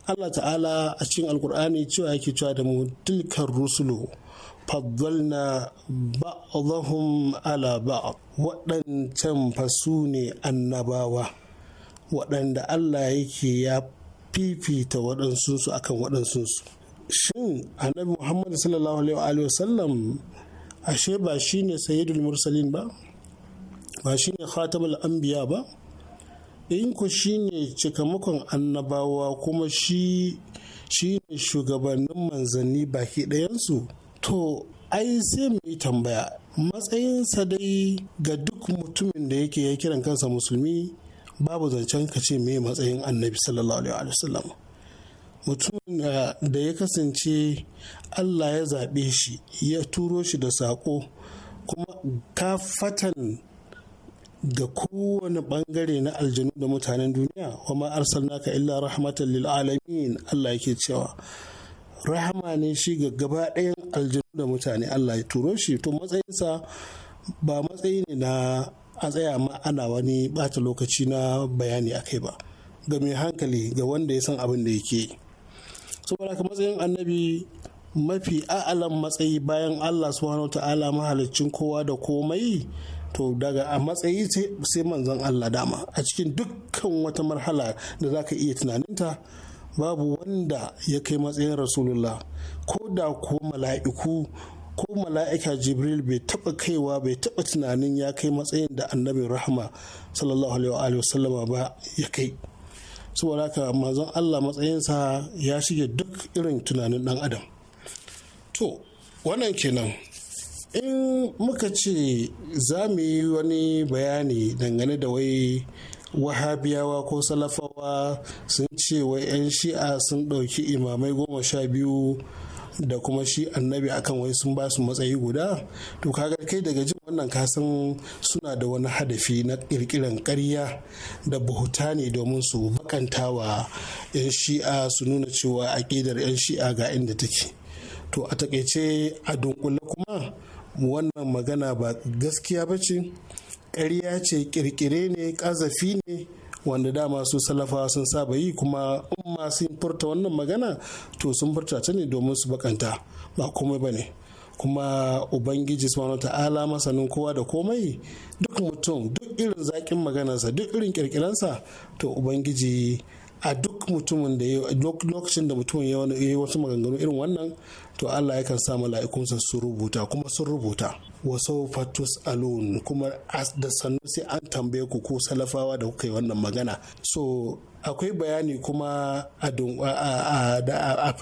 Allah ta'ala a cikin alkur'ani cewa yake cewa da mu tilkar rusulu faddalna ba'dhum ala ba'd waɗancan fasu ne annabawa waɗanda Allah yake ya fifita waɗansu su akan waɗansu su? shin annabi Muhammadu sallallahu alaihi wasallam ashe ba shine sayyidul mursalin ba ba shine khatabul anbiya ba in ku shine cikamakon annabawa kuma shi ne shugabannin manzanni baki ɗayansu to ai sai mu yi tambaya matsayinsa dai ga duk mutumin da yake ya kiran kansa musulmi babu zancen ka ce me matsayin annabi sallallahu alaihi wasallam mutum da ya kasance allah ya zaɓe shi ya turo shi da saƙo kuma ka fatan ga kowane ɓangare na aljanu da mutanen duniya wa ma ka illa rahmatan lil alamin Allah yake cewa rahama ne shi ga gaba ɗayan aljanu da mutane Allah ya turo shi to matsayinsa ba matsayi ne na a tsaya ma ana wani bata lokaci na bayani a kai ba ga mai hankali ga wanda ya san abin da yake saboda ka matsayin annabi mafi a'alan matsayi bayan allah subhanahu ta'ala mahaliccin kowa da komai to daga a matsayi sai manzon allah dama a cikin dukkan wata marhala da za ka iya tunaninta babu wanda ya kai matsayin rasulullah ko da ko mala'iku ko mala'ika jibril bai taba kaiwa bai taba tunanin ya kai matsayin da annabi rahma sallallahu alaihi wa sallama ba ya kai saboda haka manzon Allah matsayinsa ya shige duk irin tunanin dan adam to wannan kenan in muka ce za mu yi wani bayani dangane da wai wahabiyawa ko salafawa sun ce wai 'yan shi'a sun ɗauki imamai goma sha biyu da kuma shi annabi akan wai sun ba su matsayi guda to kaga kai daga jin wannan kasan suna da wani hadafi na kirkiran ƙarya da ne domin su wa 'yan shi'a su nuna cewa aƙidar 'yan shi'a ga inda take to a takaice a dunkule kuma wannan magana ba gaskiya ba ce ƙarya ce kirkire ne ƙazafi ne wanda dama su salafawa sun saba yi kuma umma sun furta wannan magana to sun furta ta ne domin su bakanta ba komai ba ne kuma ubangiji subhanahu ta'ala masanin kowa da komai duk mutum duk irin zaƙin maganarsa duk irin kirkiransa to ubangiji a duk mutumin da lokacin da mutumin ya yi wasu maganganu irin wannan to Allah ya kan sa mala'ikunsa su rubuta kuma sun rubuta wasu fatus alun kuma da sannu sai an tambaye ku ko salafawa da kuka yi wannan magana so akwai bayani kuma a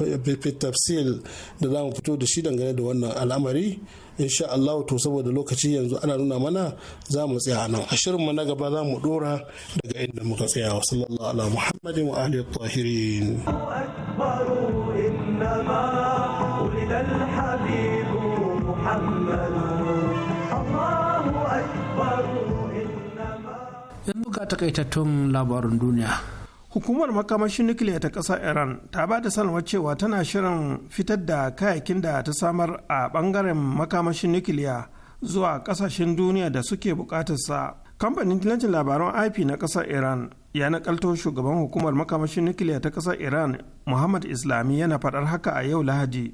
tafsir da za mu fito da shi dangane da wannan al'amari insha Allah to saboda lokaci yanzu ana nuna mana za mu tsaya nan a shirin mu na gaba za mu dora daga inda muka tsaya wa sallallahu ala muhammadin wa ahli tahirin yanzu ga takaitattun labarin duniya hukumar makamashin nukiliya ta ƙasar iran ta ba da sanarwar cewa tana shirin fitar da kayakin da ta samar a ɓangaren makamashin nukiliya zuwa ƙasashen duniya da suke buƙatarsa kamfanin dilancin labaran ip na ƙasar iran ya nakalto shugaban hukumar makamashin nukiliya ta ƙasar iran muhammad islami yana faɗar haka a yau lahadi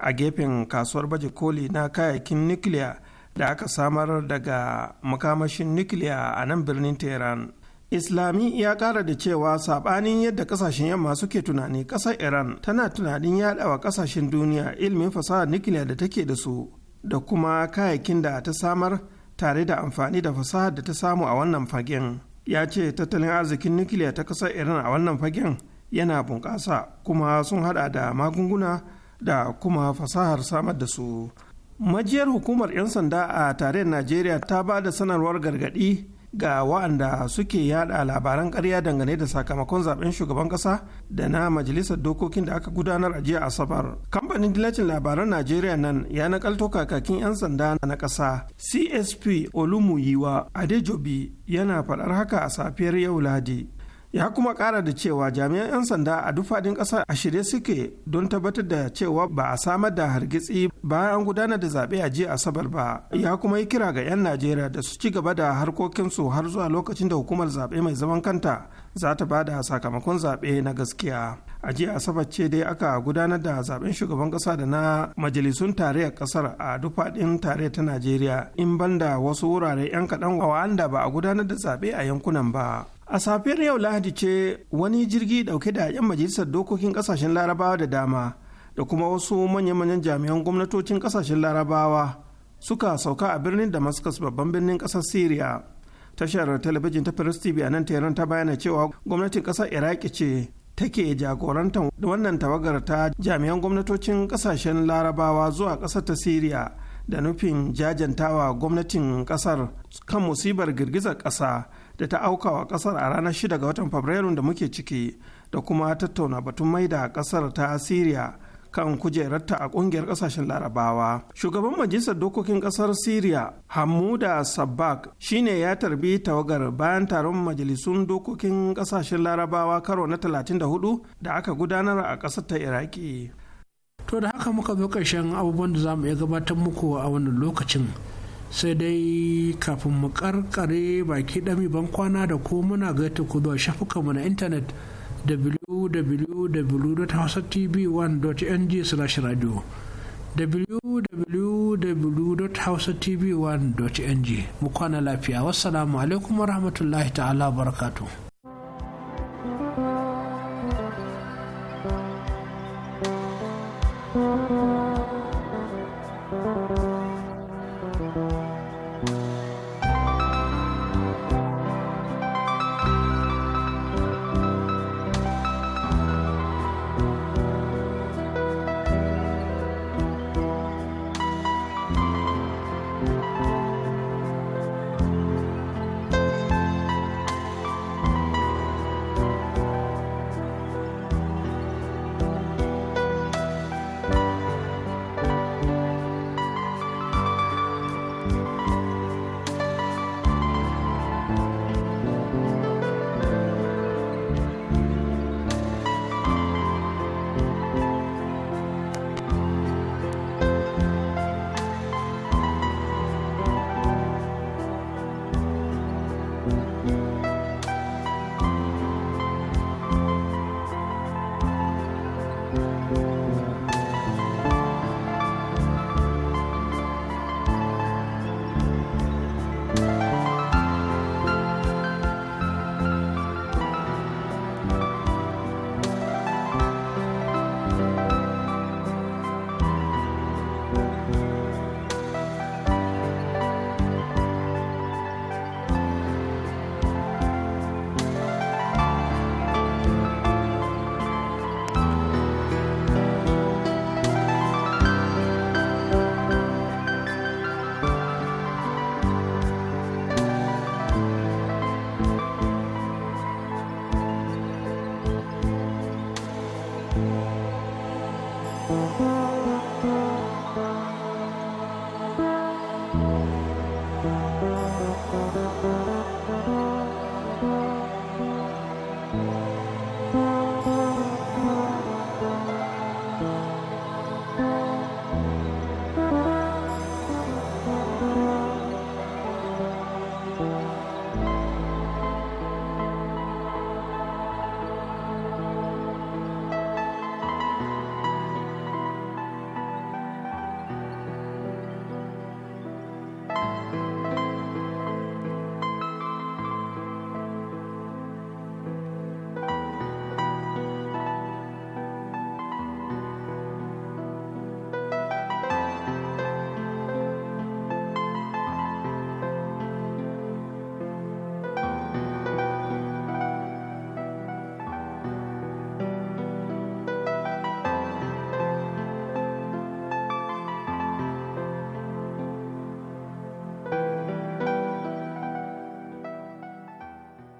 a gefen kasuwar baje koli na kayayyakin nukiliya da aka samar daga makamashin nukiliya a nan birnin tehran islami ya kara da cewa sabanin yadda kasashen yamma suke tunani kasar iran tana tunanin yaɗawa kasashen duniya ilmin fasahar nukiliya da take da su da kuma kayayyakin da ta samar tare da amfani da fasahar da ta samu a wannan fagen ya ce tattalin arzikin nukiliya ta kasar iran a wannan fagen yana bunƙasa kuma sun hada da magunguna da kuma fasahar samar da su majiyar hukumar 'yan sanda a tarayyar najeriya ta ba da sanarwar gargaɗi ga wa'anda suke yada labaran ƙarya dangane da sakamakon zaben shugaban ƙasa da na majalisar dokokin da aka gudanar a jiya asabar kamfanin dilacin labaran najeriya nan ya nakalto kakakin 'yan sanda na ƙasa csp olumuyiwa adejobi yana faɗar haka a safiyar yau ladi ya kuma kara da cewa jami'an 'yan sanda a duk faɗin ƙasar a shirye suke don tabbatar da cewa ba a samar da hargitsi bayan an gudanar da zaɓe a jiya asabar ba ya kuma yi kira ga 'yan najeriya da su ci gaba da harkokinsu har zuwa lokacin da hukumar zaɓe mai zaman kanta za ta ba da sakamakon zaɓe na gaskiya a jiya asabar ce dai aka gudanar da zaben shugaban kasa da na majalisun tarayyar kasar a duk faɗin tarayyar ta najeriya in banda wasu wurare 'yan kaɗan wa'anda ba a gudanar da zaɓe a yankunan ba a safiyar yau lahadi ce wani jirgi ɗauke da 'yan majalisar dokokin ƙasashen larabawa da dama da kuma wasu manya-manyan jami'an gwamnatocin ƙasashen larabawa suka sauka a birnin damascus babban birnin ƙasar syria tashar talabijin ta Firis TV a nan Tehran ta bayyana cewa gwamnatin ƙasar Iraki ce take jagorantar wannan tawagar ta jami'an gwamnatocin kasashen larabawa zuwa ƙasar ta siriya da nufin jajantawa gwamnatin ƙasar kan musibar girgizar ƙasa da ta auka wa ƙasar a ranar 6 ga watan fabrairun da muke ciki da kuma tattauna batun maida ƙasar ta siriya kan kujerarta a kungiyar kasashen larabawa shugaban majalisar dokokin kasar syria hamuda shi shine ya tarbi tawagar bayan taron majalisun dokokin kasashen larabawa karo na 34 da aka gudanar a kasar ta iraki to da haka muka zo karshen abubuwan da za mu iya gabatar muku a wannan lokacin sai dai kafin mu karkare baki dami ban kwana da ko muna gaita ku zuwa shafukanmu na intanet www.hausatv1.ng/radio www.hausatv1.ng mu kwana lafiya wassalamu alaikum warahmatullahi ta'ala barakatuh